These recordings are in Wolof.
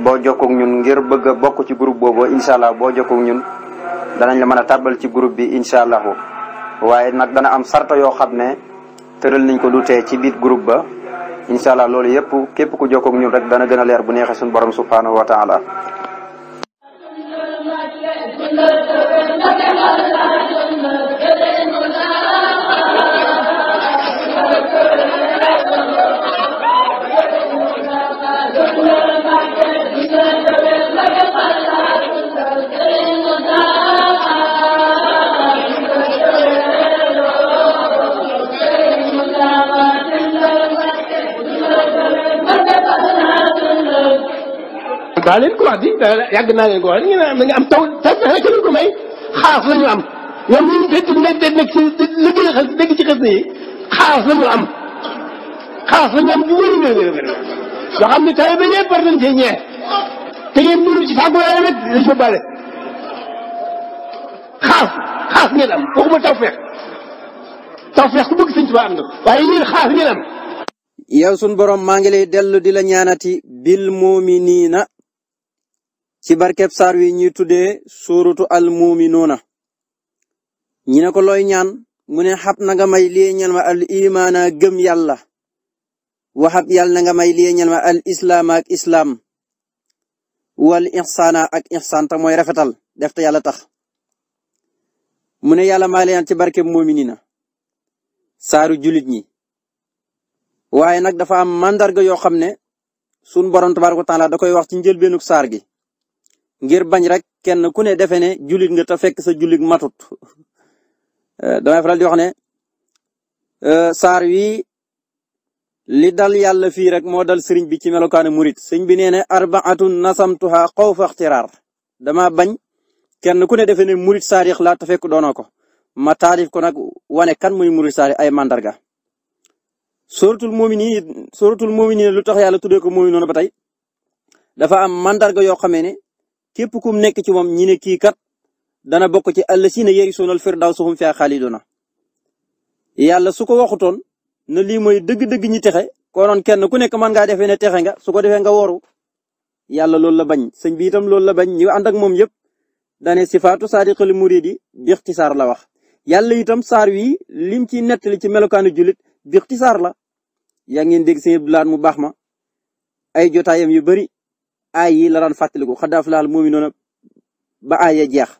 boo jokkook ñun ngir bëgg bokk ci groupe boobu incha allah boo jokkook ñun danañ la mën a tàbbal ci groupe bi incha allahu waaye nag dana am sarta yoo xam ne tëral nañ ko du tee ci biir groupe ba incha loolu yëpp képp ku jokkook ñun rek dana gën a leer bu neexee suñu borom subhanahu wa taala daa leen di yàgg naa leen ko wax da am taw taw fexe leen ko may xaas la am ñoom ñu ngi nekk ci li gën a xas dégg xaas la am xaas xaas ngeen am waxuma sun borom maa ngi lay dellu di la ñaanati bil muminina ci barkeb saar wi ñuy tuddee suuratu almuminuuna ñi ne ko looy ñaan mu ne xab na nga may lii ñal ma al imaana gëm yàlla waxab yàlla na nga may lii ñal ma al islaam ak islaam wal ixsaana ak ixsaan ta mooy rafetal def te yàlla tax mu ne yàlla maa leen ci barkeb muminina saaru julit ñi waaye nag dafa am mandarga yoo xam ne sun borom tabaaraka taala da koy wax ci njëlbeenuk saar gi ngir bañ rek kenn ku ne defe ne jullit nga te fekk sa jullit matut eh, damay faral di wax ne eh, saar wii li yàlla fii rek moo dal sëriñ bi ci melokaanu murit sëriñ bi nee ne arbaatun nasamtuha xawfa dama bañ kenn ku ne defe ne murit saarix la te fekk doonoo ko ma taalif ko nag wane kan muy murit ay mandarga suratul muminin suratul muminin lu tax yàlla tuddee ko muminoon ba tey dafa am mandarga yoo xamee ne képp kum nekk ci moom ñi ne kii kat dana bokk ci allasiina yarisuunal firdawsa hum fiihaa xaaliduuna yàlla su ko waxutoon na lii mooy dëgg-dëgg ñi texe konoon kenn ku nekk mën ngaa defee ne texe nga su ko defee nga woru yàlla loolu la bañ sëñ bi itam loolu la bañ ñi ànd ak moom yëpp dane sifaatu saadiqil muridi bi ixtisaar la wax yàlla itam saar wi lim ci nettali ci melokaanu jullit bi ixtisaar la yaa ngeen dégg sëñ Abdulaat mu baax ma ay jotaayam yu bari ay yi la daan fàttaliku xadaaf laal moomi noona ba ay ya jeex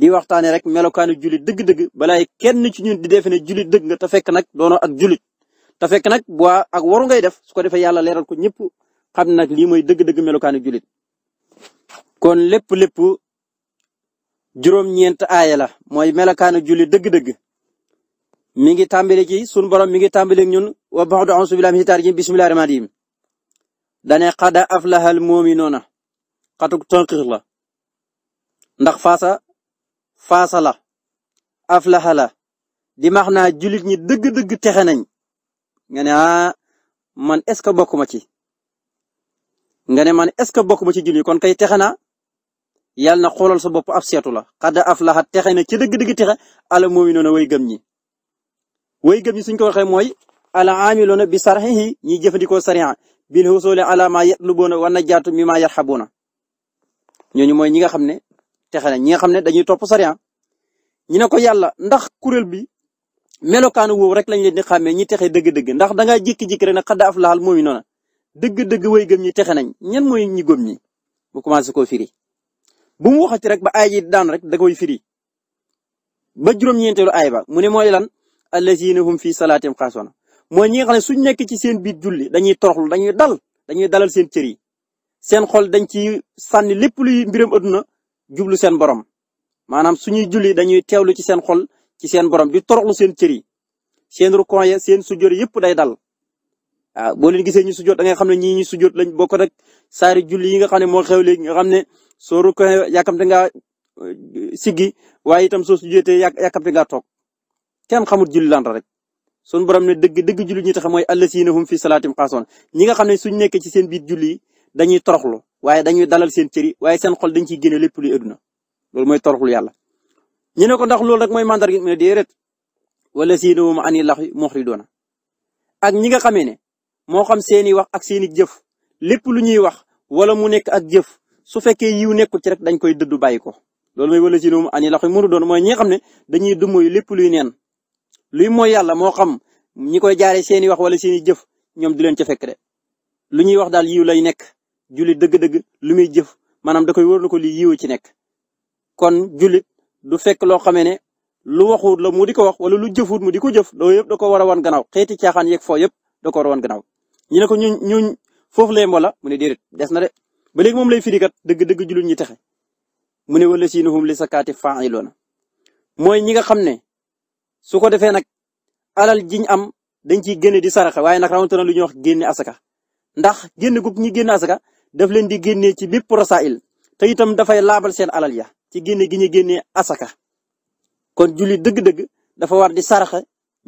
di waxtaanee rek melokaanu julit dëgg-dëgg balaay kenn ci ñun di defe ne dëgg nga te fekk nag doono ak jullit te fekk nag bu ak waru ngay def su ko defee yàlla leeral ko ñëpp xam nag lii mooy dëgg-dëgg melokaanu jullit kon lépp lépp juróom-ñeent aaya la mooy melokaanu jullit dëgg-dëgg mi ngi tàmbali ci sunu borom mi ngi tàmbali ak ñun wa ba'du a'uuzu billahi mina shaytaani rajiim bismillahir rahmaanir dane xada aflahal mu'minuuna xatuk tànqir la ndax faasa faasa la aflaha la di max naa julit ñi dëgg-dëgg texe nañ nga ne ah man est ce que bokk ma ci nga ne man est ce que bokk ci jul yi kon kay texe naa yàlla na xoolal sa bopp ab seetu la xada aflaha texe na ci dëgg-dëgg texe ala mu'minuuna woy gëm ñi way gëm ñi suñ ko waxee mooy ala aamiluuna bi sarxihi ñiy jëfandikoo sariya bil husuli ala ma yatlubuna wa najatu mimma yarhabuna ñooñu mooy ñi nga xam ne texe na ñi nga xam ne dañuy topp sariya ñu ne ko yàlla ndax kuréel bi melokaanu woowu rek lañ leen di xàmmee ñi texe dëgg-dëgg ndax dangaa jékki-jékki rek ne xadda af laal mooy noona dëgg-dëgg way gëm ñi texe nañ ñan mooy ñi gëm ñi mu commencé ko firi bu mu rek ba aay ji daan rek da koy firi ba juróom-ñeenteelu aay ba mu ne mooy lan allazina hum fi salaatim xaasona mooy ñi xam ne suñ nekk ci seen biir julli dañuy toroxlu dañuy dal dañuy dalal seen cër seen xol dañ ci sànni lépp luy mbiram adduna jublu seen borom maanaam suñuy julli dañuy teewlu ci seen xol ci seen borom di toroxlu seen cër yi seen rukon ya seen sujjóot yëpp day dal waaw boo leen gisee ñu sujjóot da ngay xam ne ñii ñu sujjóot lañ bokk rek saari julli yi nga xam ne moo xew léegi nga xam ne soo rukon yàkkamte nga siggi waaye itam soo sujjóotee yàkkamte nga toog kenn xamul julli lan rek suñu borom ne dëgg dëgg julli ñi tax mooy allasiina hum fi salaatim xaasoon ñi nga xam ne suñ nekkee ci seen biir julli dañuy toroxlu waaye dañuy dalal seen cëri waaye seen xol dañ ciy génne lépp luy adduna loolu mooy toroxlu yàlla ñu ne ko ndax loolu rek mooy mandarga mu ne déedéet wallasiina hum ani laxwi muxridoona ak ñi nga xamee ne moo xam seeni wax ak seeni jëf lépp lu ñuy wax wala mu nekk ak jëf su fekkee yiw nekkul ci rek dañ koy dëddu bàyyi ko loolu mooy wallasiina hum ani laxwi muxridoona ñi nga xam ne dañuy dummoy lépp luy neen luy mooy yàlla moo xam ñi koy jaaree seeni wax wala seeni jëf ñoom du leen ca fekk de lu ñuy wax daal yiw lay nekk jullit dëgg-dëgg lu muy jëf maanaam da koy wóor na ko lii yiw ci nekk. kon julit du fekk loo xamee ne lu waxuut la mu di ko wax wala lu jëfuut mu di ko jëf loolu yëpp da ko war a wan ganaw xeeti caaxaan yeeg foo yëpp da ko war a wan gannaaw ñu ne ko ñun ñuñ foofu lay mboola mu ne déedéet des na de ba léegi moom lay firikat dëgg-dëgg jullit ñi texe mu ne wala siinahum li sakaati faa'iloona mooy ñi nga xam su ko defee nag alal jiñ am dañ ciy génne di saraxa waaye nag rawatina lu ñuy wax génne asaka ndax génne gu ñi génne asaka def leen di génne ci bépp il te itam dafay laabal seen alal ya ci génne gi ñu génnee asaka kon julli dëgg-dëgg dafa war di saraxa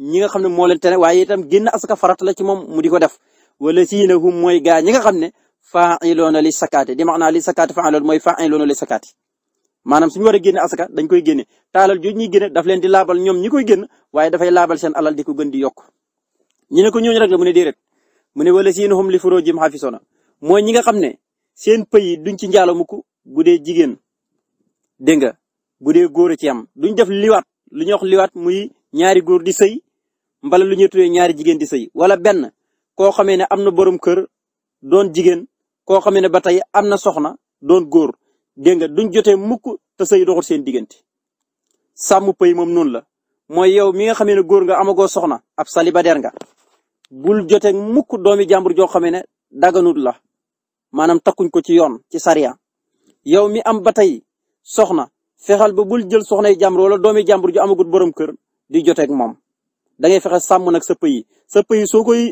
ñi nga xam ne moo leen tere waaye itam génne asaka farata la ci moom mu di ko def wala siina hum mooy gaa ñi nga xam ne faa'iloona li sakaati di maanaa li sakaati faa'iloon mooy faa'iloona maanaam suñu war a génne asaka dañ koy génne taalal jooju ñuy génne daf leen di laabal ñoom ñi koy génn waaye dafay laabal seen alal di ko gën di yokk ñu ne ko ñooñu rek la mu ne déedéet mu ne wala seen hum li furoojim xaafisona mooy ñi nga xam ne seen pëy yi duñ ci njaalo mukk bu dee jigéen dégg nga bu dee góor a ci am duñ def liwaat lu ñuy wax liwaat muy ñaari góor di sëy mbala lu ñuy tuddee ñaari jigéen di sëy wala benn koo xamee ne am na borom kër doon jigéen koo xamee ne ba tey am na soxna doon góor dégg nga duñ jotee mukk te sëy doxul seen diggante sàmm pëy moom noonu la mooy yow mi nga xamee ne góor nga amagoo soxna ab salibader nga bul jotee mukk doomi jàmbur joo xamee ne daganut la maanaam takkuñ ko ci yoon ci sariya yow mi am ba tey soxna fexeel ba bul jël soxnay jàmbur wala doomi jàmbur ju amagut borom kër di joteeg moom da ngay fexe sàmm nag sa pëy sa pëy soo koy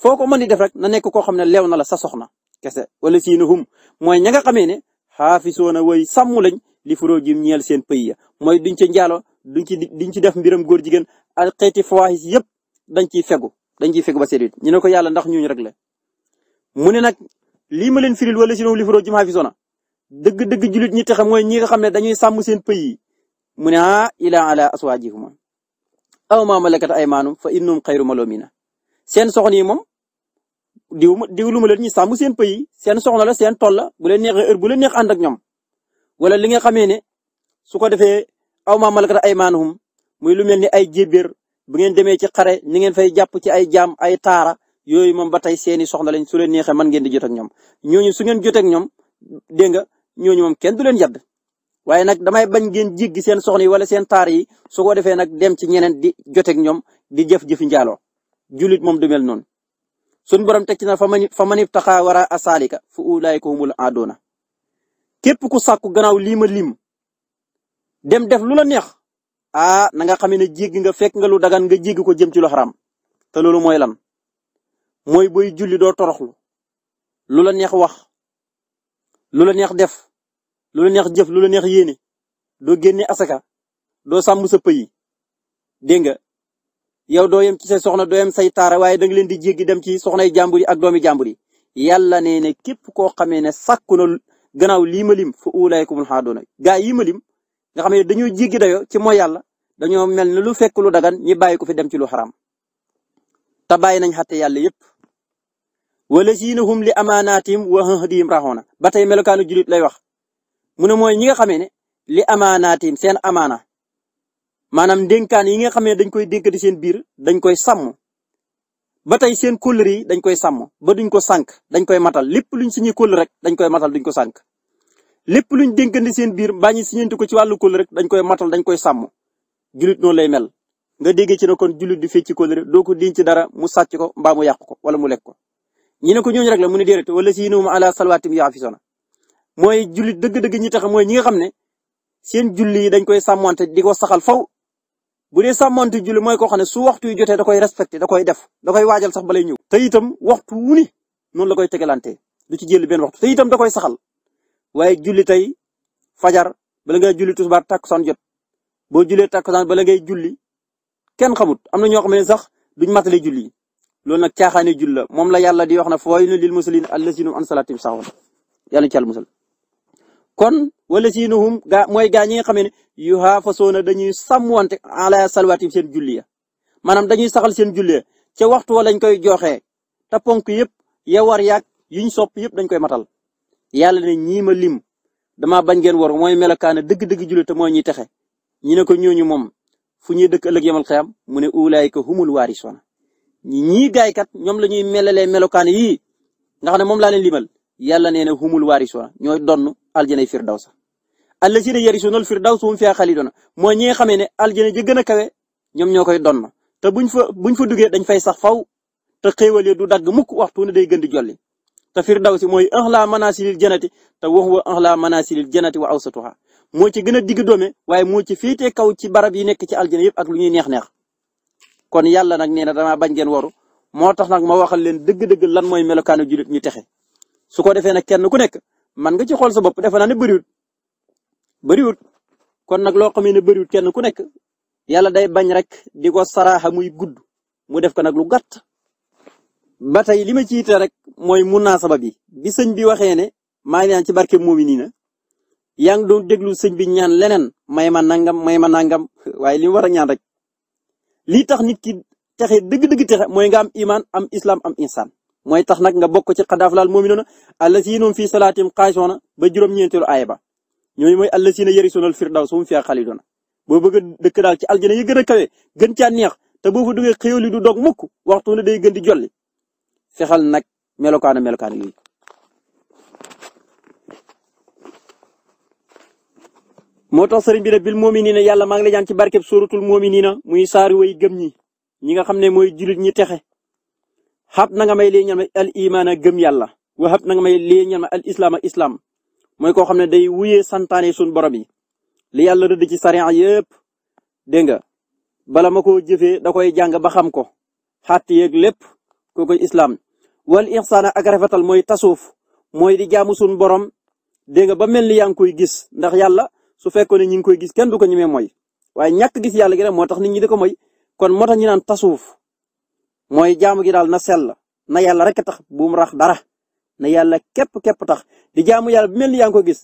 foo ko mën di def rek na nekk koo xam ne leew na la sa soxna kese wala siinahum mooy ña nga xamee ne xaafisoona way sàmm lañ li furoo jim ñeel seen pëy ya mooy duñ ca njaalo duñ ci duñ ci def mbiram góor jigéen ak xeeti fawaahis yëpp dañ ciy fegu dañ ciy fegu ba seet ñu ne ko yàlla ndax ñuñ rek la mu ne nag lii ma leen firil wala si li furoo jim xaafisoona dëgg-dëgg julit ñi texe mooy ñi nga xam ne dañuy sàmm seen pëy yi mu ne ah ilaa ala aswaajihuma aw ma malakat aymaanum fa innum xayru malumina seen soxna yi moom diw ma diwlu ma leen ñu sàmm seen pays seen soxna la seen tool la bu leen neexee heure bu ñoom wala li nga xamee ne su ko defee aw maa malakat aymaanuhum muy lu mel ni ay jébéer bu ngeen demee ci xare ni ngeen fay jàpp ci ay jam ay taara yooyu moom ba tey seeni soxna lañ su leen neexee mën ngeen di jot ak ñoom ñooñu su ngeen jotee ñoom dégg nga ñooñu moom kenn du leen yàdd waaye nag damay bañ ngeen jéggi seen soxna yi wala seen taar yi su ko defee nag dem ci ñeneen di joteeg ñoom di jëf jëfi njaaloo jullit moom du mel noonu sun borom teg ci na fa mani fa mani taxaa wara asaalika fu ulaayka humul adoona képp ku sàkku gannaaw lii ma lim dem def lu la neex a ah, na nga xam ne jéggi nga fekk nga lu dagan nga jéggi ko jëm ci lu xaram te loolu mooy lan mooy booy julli doo toroxlu lu la neex wax lu la neex def lu la neex jëf lu la neex yéene doo génne asaka doo sàmm sa pëyi dégg nga yow doo yem ci say soxna doo yem say taara waaye da leen di jéggi dem ci soxna jàmbur yi ak doomi jàmbur yi yàlla nee ne képp koo xamee ne sàkku na gannaaw lii ma lim fa ulaykumul xaadoona gaa yi ma lim nga ne dañoo jéggi dayoo ci mooy yàlla dañoo mel ne lu fekk lu dagan ñi bàyyi ko fi dem ci lu xaram te bàyyi nañ xatte yàlla yépp wala siina hum li amaanaatihim wa ahdihim raxoona ba tey melokaanu julit lay wax mu ne mooy ñi nga xamee ne li amaanaatihim seen amaana maanaam dénkaan yi nga xam ne dañ koy dénkati seen biir dañ koy sàmm ba tey seen kóllëre yi dañ koy sàmm ba duñ ko sànq dañ koy matal lépp luñ signé kóllëre rek dañ koy matal duñ ko sànq lépp luñ dénkandi seen biir mbaa ñi signénti ko ci wàllu kóllëre rek dañ koy matal dañ koy sàmm jullit noonu lay mel nga déggee ci ne kon jullit di fecc ci kóllëre doo ko denc dara mu sàcc ko mbaa mu yàq ko wala mu lekk ko ñi ne ko ñooñu rek la mu ne déedéet wala si yéenuma ala salawaatim yaafisona mooy jullit dëgg-dëgg ñi tax mooy ñi nga xam ne seen julli yi dañ koy sàmmante di ko saxal faw bu dee sàmmante julli mooy koo xam ne su waxtu jotee da koy respecté da koy def dakoy koy waajal sax balay ñëw. te itam waxtu wu ni noonu la koy tegelante du ci jël benn waxtu te itam da koy saxal waaye julli tey fajar bala ngay julli takk takkusaan jot boo jullee takkusaan bala ngay julli ken xamut am na ñoo xam ne sax duñ matale julli loolu nag caaxaane julli la moom la yàlla di wax na fooy nu lil muslimin allazina an salatihim sahun yàlla ci al musal kon wala siinuhum gaa mooy gaa ñi nga xam ne yu xaafasoona dañuy sàmmwante ala salwaati seen julli ya maanaam dañuy saxal seen julli ce waxtu wa lañ koy joxe te ponk yëpp ya war yaag yuñ sopp yëpp dañ koy matal yàlla ne ñii ma lim dama bañ ngeen war mooy melokaana dëgg-dëgg julli te mooy ñuy texe ñi ne ko ñooñu moom fu ñuy dëkk ëllëg yamal xiyam mu ne ulaayka humul waarisuuna ñii gaaykat ñoom la ñuy melalee melokaan yii nga xam ne moom laa leen limal yàlla nee na humul waarisuuna ñooy donn aljanay firdawsa allazina yarisuunal firdawsa hum fiha xaaliduna mooy ñi nga xamee ne aljana ji gën a kawe ñoom ñoo koy donn te buñ fa buñ fa duggee dañ fay sax faw te xéewal du dagg mukk waxtu ne day gën di jolli te firdawsi mooy ahla manasilil janati te wax wa ahla manasilil janati wa awsatuha moo ci gën a digg doome waaye moo ci féetee kaw ci barab yi nekk ci aljana yëpp ak lu ñuy neex-neex kon yàlla nag nee na damaa bañ ngeen waru moo tax nag ma waxal leen dëgg-dëgg lan mooy melokaanu jullit ñu texe su ko defee nag kenn ku nekk man nga ci xool sa bopp defe naa ne kon nag loo xamee ne bëriwut kenn ku nekk yàlla day bañ rek di ko saraaxa muy gudd mu def ko nag lu gàtt ba tey li ma ci yitte rek mooy munaasaba bi bi sëñ bi waxee ne maa ngi ñaan ci barke mu'minina yaa ngi doon déglu sëñ bi ñaan leneen may ma nangam may ma nangam waaye li mu war a ñaan rek lii tax nit ki texe dëgg-dëgg texe mooy nga am iman am islam am insaan mooy tax nag nga bokk ci lal xadaaflaal mu'minuuna allaziina fi salaatihim xaashi'uuna ba juróom-ñeenteelu aaya ba ñooñu mooy allaziina yarisuunal firdawsa hum fiihaa xaaliduuna boo bëgg dëkk daal ci aljana yi gën a kawe gën caa neex te boo fa duggee xéewal yi du dog mukk waxtu ne day gën di jolli fexal nag melokaana melokaan yooyu moo tax sëriñ bi ne bil mu'miniina yàlla maa ngi lay ñaan ci barkeb sóoratul mu'miniina muy saari way gëm ñi ñi nga xam ne mooy jullit ñi texe xab na nga may li ñal ma al iman gëm yàlla wa xab na may li ñal ma al islam islaam mooy koo xam ne day wuyee santaane suñu borom yi li yàlla rëdd ci sariya yépp dégg nga bala ma ko jëfee da koy jàng ba xam ko xàtt yeeg lépp koo koy islam wal ihsaan ak rafetal mooy tasuuf mooy di jaamu suñu borom dégg nga ba mel ni yaa ngi koy gis ndax yàlla su fekkoon ne ñu ngi koy gis kenn du ko ñemee mooy waaye ñàkk gis yàlla gi rek moo tax nit ñi di ko mooy kon moo mooy jaamu gi daal na sell na yàlla rek tax bu mu rax dara na yàlla képp képp tax di jaamu yàlla bu mel ni yaa ngi ko gis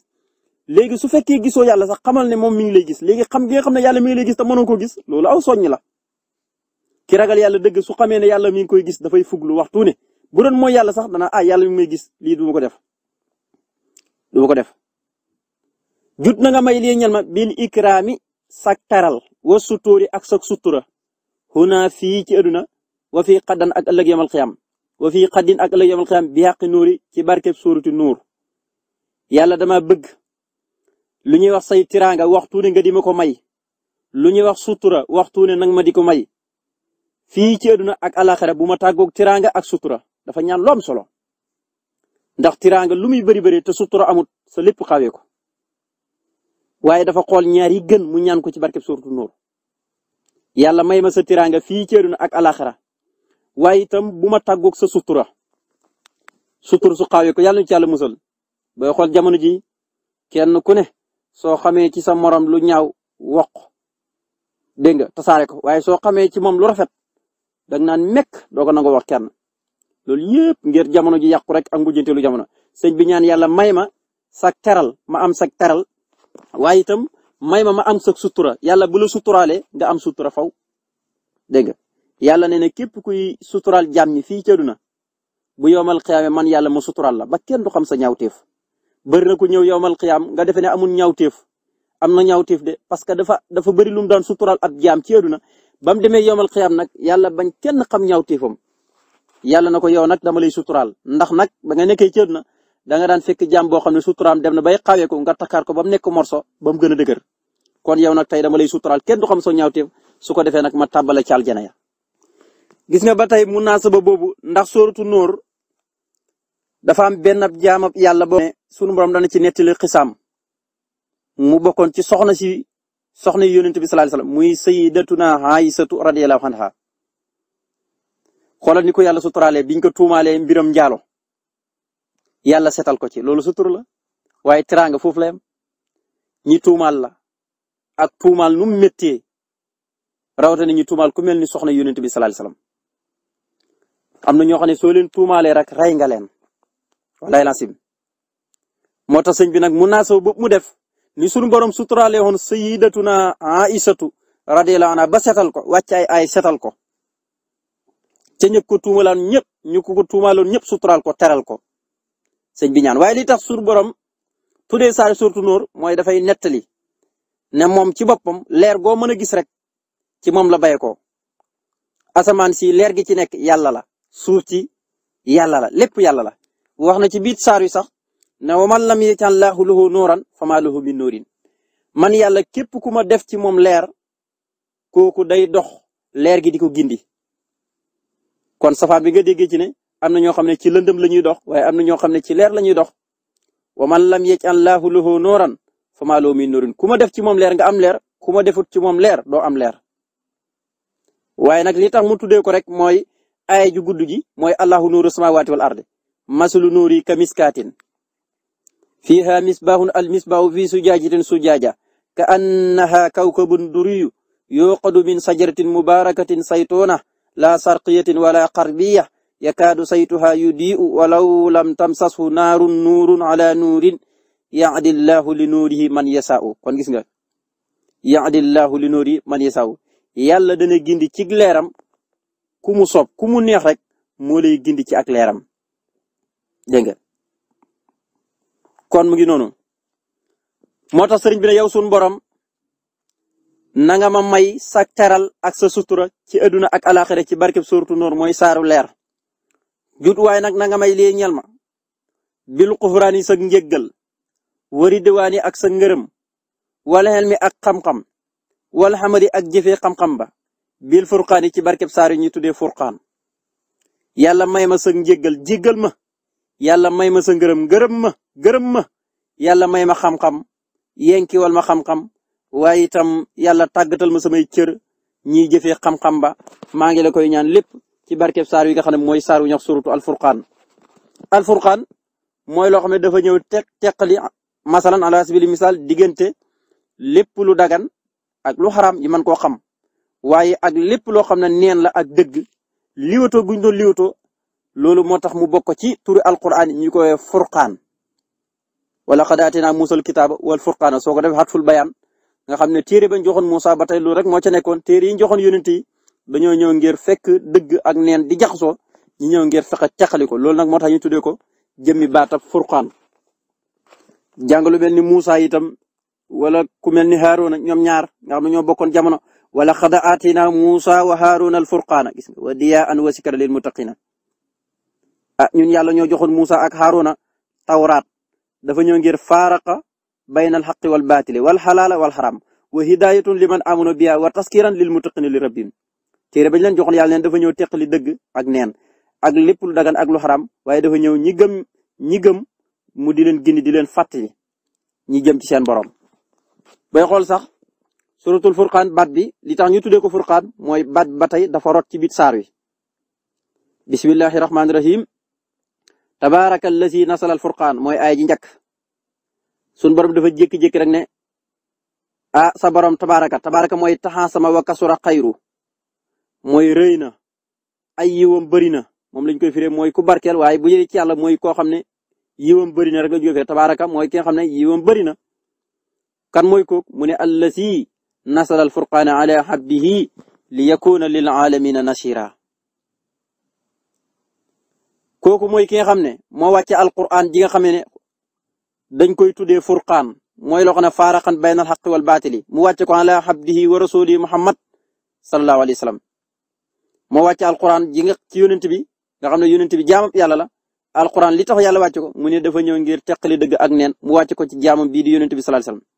léegi su fekkee gisoo yàlla sax xamal ne moom mi ngi lay gis léegi xam gi nga xam ne yàlla mi ngi lay gis te mënoo ko gis loolu aw soññ la ki ragal yàlla dëgg su xamee ne yàlla mi ngi koy gis dafay fuglu waxtu ne bu doon mooy yàlla sax dana ah yàlla mi ngi may gis lii du ko def du ko def jut na nga may lii ñal ma bil ikraami sak taral wa sutuuri ak sa sutura xuna fii ci aduna wa fii xaddan ak ëllëg yamal xiyam wa fii ak ëllëg yamal bi xaqi nuuri ci barkeb suuratu nuur yàlla dama bëgg lu ñuy wax say tiraanga waxtu ne nga ko may lu ñuy wax sutura waxtu ne nag ma di ko may fii ci àdduna ak alaxira bu ma tàggoog tiraanga ak sutura dafa ñaan loom solo ndax tiraanga lu muy bëri bëri te sutura amut sa lépp xawee ko waaye dafa xool ñaar gën mu ñaan ko ci barkeb suuratu nuur yàlla may ma sa tiraanga fii ci àdduna ak alaxira waaye itam bu ma tàggoog sa sutura sutura su xawee ko yàlla ñu ci yàlla musal booy xool jamono ji kenn ku ne soo xamee ci sa moroom lu ñaaw wokk dégg nga tasaare ko waaye soo xamee ci moom lu rafet da naan mekk doo ko nangoo wax kenn loolu yëpp ngir jamono ji yàqu rek ak mujjanteelu jamono sëñ bi ñaan yàlla may ma sa keral ma am sa keral waaye itam may ma ma am sa sutura yàlla bu la nga am sutura faw dégg nga yàlla ne ne képp kuy sutural jaam ñi fii ci àdduna bu yowmal xiyaame man yàlla ma suturaal la ba kenn du xam sa ñawteef bëri na ku ñëw yowmal xiyaam nga defe ne amul ñaawteef am na ñaawteef de parce que dafa dafa bëri lu mu daan suturaal ab jaam ci àdduna ba mu demee yowmal xiyaam nag yàlla bañ kenn xam ñaawteefam yàlla na ko yow nag dama lay sutural ndax nag ba nga nekkee ci àdduna da nga daan fekk jaam boo xam ne suturaam dem na bay xawee ko nga takkaar ko ba mu nekk morso ba mu gën a dëgër kon yow nag tey dama lay suturaal kenn du xam soo ñaawteef su ko defee nag ma tàbbale ci aljana gis nga ba tey munaasaba boobu ndax sóoratu nóor dafa am benn jaamab yàlla boo sunu borom dana ci nettali xisaam mu bokkoon ci soxna si soxna yi yonent bi sallallahu alayhi wasallam muy sayyidatuna Aysatu radiyallahu anha xoolal ni ko yàlla suturaale biñ ko tuumaalee mbiram njaalo yàlla setal ko ci loolu sutur la waaye teraanga foofu la yem ñi la ak tuumaal nu mu méttee rawatina ñi tuumaal ku mel ni soxna yonent bi sallallahu alayhi wasallam am na ñoo xam ne soo leen tuumaalee rek rey nga leen walaay lasim moo tax sëñ bi nag mun naa saw bopp mu def ni sunu borom suturaalee woon na Aïsatu radiyallahu anha ba setal ko wàcc ay ay setal ko ca ñëpp ko ñëpp ñu ko ko ñëpp suturaal ko teral ko sëñ bi ñaan waaye li tax sunu borom tuddee saar suuratu Nuur mooy dafay nettali ne moom ci boppam leer goo mën a gis rek ci moom la bay ko asamaan si leer gi ci nekk yàlla la. suuf ci yàlla la lépp yàlla la wax na ci biir saar wi sax ne wa man lam yaj'al llaahu lahu nuuran famaa lahu min nuurin man yàlla képp ku ma def ci moom leer kooku day dox leer gi di ko gindi kon safaan bi nga déggee ci ne am na ñoo xam ne ci lëndëm la ñuy dox waaye am na ñoo xam ne ci leer la ñuy dox wa man lam yaj'al llaahu lahu nuuran famaa lahu min nuurin ku ma def ci moom leer nga am leer ku ma defut ci moom leer doo am leer waaye nag li tax mu rek aaya ju gudd ji mooy allahu nuuru samawaati wal ardi masalu nuuri ka miskaatin fiiha misbaahun al misbaahu fi sujaajatin sujaaja ka annaha kawkabun duriyu yuqadu min sajaratin mubarakatin saytuna la sarqiyatin wala qarbiya yakaadu saytuha yudii'u walaw lam tamsashu naarun nuurun ala nuurin yaadillahu li man yasaa'u kon gis nga gindi ci ku mu soob ku mu neex rek moo gindi ci ak leeram dégg nga kon mu ngi noonu moo tax sëriñ bi ne yow suñu borom na nga ma may sa teral ak sa sutura ci àdduna ak alaxira ci barkeb suuratu Nuur mooy saaru leer jut waaye nag nanga may lee ñel ma bil xufraani sa njëggal wari diwaani ak sa ngërëm wala xel ak xam-xam wala xamadi ak jëfee xam-xam ba bil furqaan yi ci barkeb saar yi ñuy tuddee furqaan yàlla may ma sa njéggal jéggal ma yàlla may ma sa ngërëm ngërëm ma gërëm ma yàlla may ma xam-xam yenkiwal ma xam-xam waaye itam yàlla tàggatal ma samay cër ñiy jëfee xam-xam ba maa ngi la koy ñaan lépp ci barkeb saar yi nga xam ne mooy saar wu ñax suratu alfurqaan alfurqaan mooy loo xam ne dafa ñëw teq teqali masalan ala sabili misaal diggante lépp lu dagan ak lu xaram yi man koo xam waaye ak lépp loo xam ne neen la ak dëgg liwato guñ doon liwato loolu moo tax mu bokk ci turu alquran ñu koy furqaan wala qad aatinaa muusal kitaaba wal furqaana soo ko defee xatful bayan nga xam ne téere ba ñu joxoon Moussa ba tey loolu rek moo ca nekkoon téere yi ñu joxoon yonent yi dañoo ñëw ngir fekk dëgg ak neen di jaxasoo ñi ñëw ngir fexe caqali ko loolu nag moo tax ñu tuddee ko jëmmi baatab furqaan. jàng mel ni Moussa yitam wala ku mel ni Haaruna ñoom ñaar nga xam ne bokkoon jamono wala xada atina Muusa wa Haaruna al-furqaana gis nga wa diyaan wa sikra lil muttaqiina ah ñun yàlla ñoo joxoon Muusa ak Haaruna tawraat dafa ñëw ngir faaraqa bayna al-haqqi wal baatili wal xalaala wal xaram wa hidaayatun liman amana biha wa taskiran lil muttaqiina li rabbihim téere bañ leen joxoon yàlla neen dafa ñëw teqali dëgg ak neen ak lépp lu dagan ak lu xaram waaye dafa ñëw ñi gëm ñi gëm mu di leen gindi di leen fàttali ñi jëm ci seen borom. bay xool sax suratul furqaan baat bi li tax ñu tuddee furqaan mooy baat ba tey dafa rot ci biir saar wi bismillahi rahmaani rahim tabaaraka allazi nasala furqaan mooy aay ji njëkk sun borom dafa jékki-jékki rek a ah sa borom tabaaraka tabaaraka mooy taxaa sama wa xayru mooy rëy na ay yiwam bëri na moom lañ koy fire mooy ku barkeel waaye bu jëlee ci yàlla mooy koo xam ne yiwam bëri na rek la ñu koy mooy ki nga xam ne yiwam na kan mooy kooku mu ne nasala alfurqaana ala abdihi li yakuna lil aalamina nasira kooku mooy ki nga xam ne moo wàcce alquran ji nga xam ne dañ koy tuddee furqaan mooy loo xam ne faaraqan bayna alxaqi wal baatili mu wàcce ko ala abdihi wa rasulihi muhammad sallallahu alayhi wa sallam moo wàcce alquran ji nga ci yonent bi nga xam ne yonent bi jaamam yàlla la alquran li tax yàlla wàcce ko mu ne dafa ñëw ngir teqali dëgg ak neen mu wàcce ko ci jaamam bii di yonent bi sallallahu alayhi wa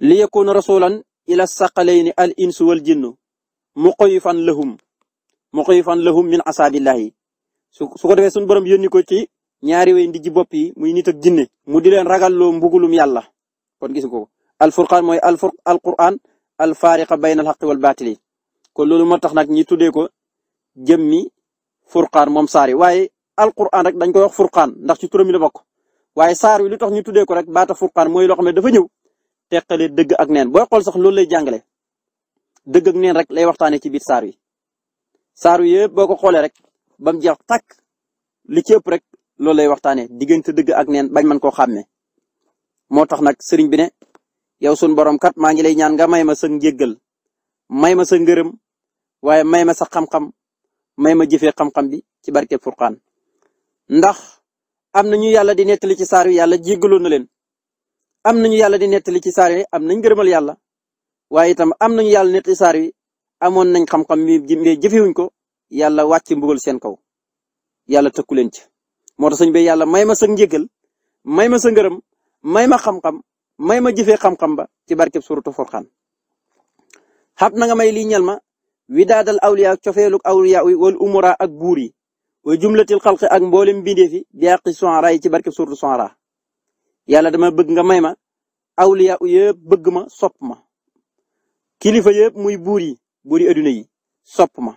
li yakuna rasulan ila saqalayni al insu wal fan muqayifan lahum muqayifan lahum min asaabillahi su ko defee suñu borom yónni ko ci ñaari way ndi ji bopp yi muy nit ak jinne mu di leen ragalloo mbugulum yàlla kon gis nga ko alfurqaan mooy alfur alquran alfaariqa bayna alxaqi wal baatili kon loolu moo tax nag ñi tuddee ko jëmmi furqaan moom al waaye alquran rek dañ koy wax furqaan ndax ci turam yi la bokk saar wi lu tax ñu tuddee ko rek baata furqaan mooy loo xam ne dafa ñëw teqale dëgg ak neen booy xool sax loolu lay jàngale dëgg ak neen rek lay waxtaanee ci biir saar wi saar wi yëpp boo ko xoolee rek ba mu jeex tàkk li ci ëpp rek loolu lay waxtaanee diggante dëgg ak neen bañ man koo xàmmee. moo tax nag sëriñ bi ne yow sun borom kat maa ngi lay ñaan nga may ma sa njéggal may ma sa ngërëm waaye may ma sa xam-xam may ma jëfee xam-xam bi ci barke Furqaan ndax am na ñu yàlla di nettali ci saar wi yàlla jéggaloon na leen. am nañu yàlla di nettali ci saar yi am nañ gërëmal yàlla waaye itam am nañu yàlla nettali saar yi amoon nañ xam-xam mais jëfewuñ ko yàlla wàcc mbugal seen kaw yàlla tëkku leen ci moo ta sëñ bi yàlla may ma sa njëgal may ma sa ngërëm may ma xam-xam may ma jëfee xam-xam ba ci barkeb suratu Furqaan xab na nga may lii ñal ma widaadal awliya cofeeluk awliya wal umura ak buur yi wa jumlatil xalqi ak mboolem bindeef yi bi àqi suara yi ci barkeb suratu suara yàlla dama bëgg nga may ma awliya yëpp bëgg ma sopp ma kilifa yëpp muy buur yi buur yi adduna yi sopp ma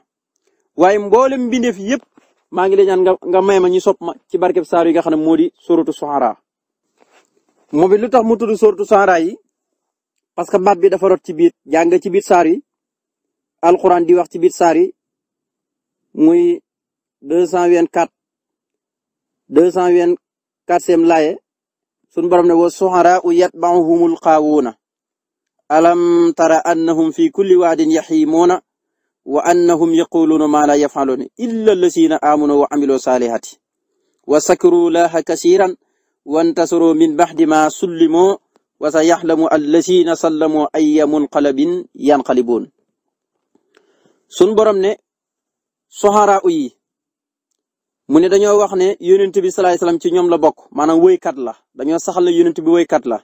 waaye mboolem mbindeef yëpp maa ngi lay ñaan nga nga may ma ñu sopp ma ci barkeb saar yi nga xam ne moo di suratu Suara moom lu tax mu tudd suratu Suara yi parce que baat bi dafa rot ci biir jàng ci biir saar yi alxuraan di wax ci biir saar yi muy deux cent vingt quatre deux cent vingt quatrième laaye sun borom ne wa suxaraau yatbauhumul xaawuuna alam tara annahum fi kulli waadin yaxiimuuna wa annahum yaquluuna maa laa yafaluuna illa allazina aamanu wa amiluu saalihaati wa sakaruu laaha kasiiran wantasaruu min baxdi maa sullimoo wa sa yaxlamu allazina sallamoo ayya munqalabin yanqalibuun sun borom ne soxaraa yi mu ne dañoo wax ne yonent bi salaay salaam ci ñoom la bokk maanaam wéykat la dañoo saxal ne bi wéykat la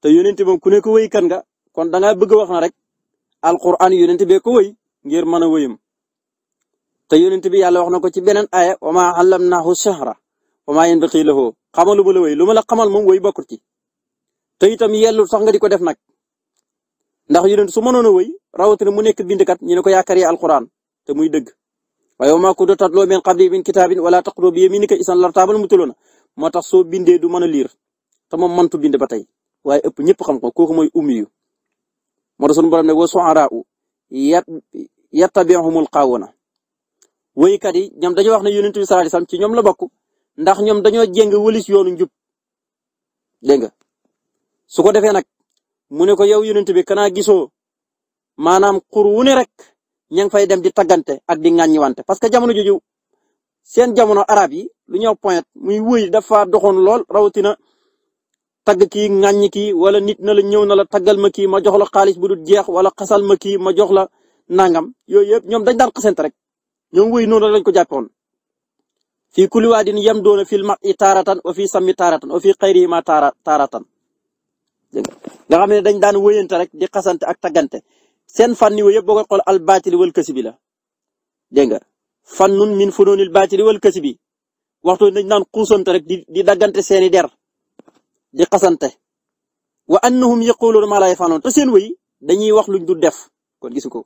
te yonent moom ku ne ko wéykat nga kon da ngaa bëgg wax na rek alquran yonent bee ko wéy ngir mën a wéyam te yonent bi yàlla wax na ko ci beneen aaya wa maa allamnaahu shahra wa maa yanbaghi lahu xamalu ma la wéy lu ma la xamal moom woy bokkul ci te itam yellul sax nga di ko def nag ndax yonent su mënoon a wéy rawatina mu nekk bindkat ñu ne ko yaakaar yi alquran te muy dëgg wa yawma kunta tatloo min qabli min kitaabin wala taqru bi yaminika moo tax so bindee du mën a liir te moom mëntu bind ba tey waaye ëpp ñëpp xam ko kooku mooy ummi yu moo tax sunu borom ne wa su'araa yattabi'uhumul ghaawuuna woykat yi ñoom dañoo wax ne yonent bi sallallahu alayhi wasallam ci ñoom la bokk ndax ñoom dañoo jéng wëlis yoonu njub dégg nga su ko defee nag mu ne ko yow yonent bi kanaa gisoo maanaam xur wu ne rek ña ngi fay dem di taggante ak di ŋàññiwante parce que jamono jooju seen jamono arab yi lu ñëw point muy wëy dafa doxoon lool rawatina tagg kii ŋàññi kii wala nit na la ñëw na la taggal ma kii ma jox la xaalis bu dul jeex wala xasal ma kii ma jox la nangam yooyu yëpp ñoom dañ daan xasante rek ñoom wëy noonu lañ ko jàppoon fii kulli waadin yem doona fil mar'i taaratan wa fii sammi taaratan wa fii xayrihimaa taara taaratan nga xam ne dañ daan wëyante rek di xasante ak taggante seen fànn yooyu yëpp boo koy xool al baatili wal kasi bi la dégg nga fannun min funoonil baatili wal kasi bi waxtu nañ naan xuusante rek di di daggante seeni der di xasante wa annahum yaquluuna maa laa yaf'aluun te seen wëy dañuy wax luñ du def kon gisu ko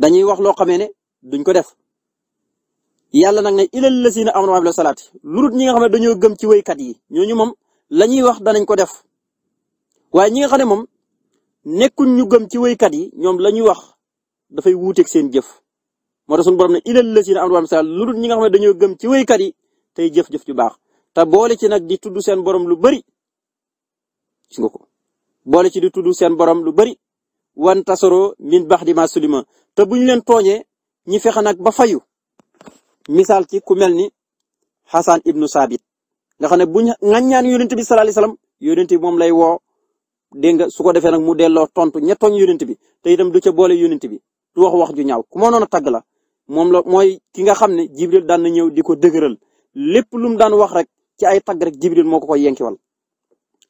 dañuy wax loo xamee ne duñ ko def yàlla nag ne ilal lasiina amanu wa amilu salaat lu dul ñi nga xam ne dañoo gëm ci wëykat yi ñooñu moom la ñuy wax danañ ko def waaye ñi nga xam moom nekkuñ ñu gëm ci waykat yi ñoom la wax dafay wuuteeg seen jëf moo tax suñu borom ne ilal la si ne am na misaal lu dul ñi nga xam ne dañoo gëm ci waykat yi tey jëf-jëf ju baax te boole ci nag di tudd seen borom lu bari gis nga ko boole ci di tudd seen borom lu bari wan tasoro min bax di ma sulima te bu leen tooñee ñi fexe nag ba fayu misaal ci ku mel ni Xasan ibnu Saabit nga xam ne bu ñu ŋaññaan yonent bi sallallahu alayhi wasallam moom lay woo dégg nga su ko defee nag mu delloo tontu ña tooñ yonent bi te itam du ca boole yonent bi du wax wax ju ñaaw ku ma noonu tàgg la moom la mooy ki nga xam ne jibril daan na ñëw di ko dëgëral lépp lu mu daan wax rek ci ay tàgg rek jibril moo ko koy yenkiwal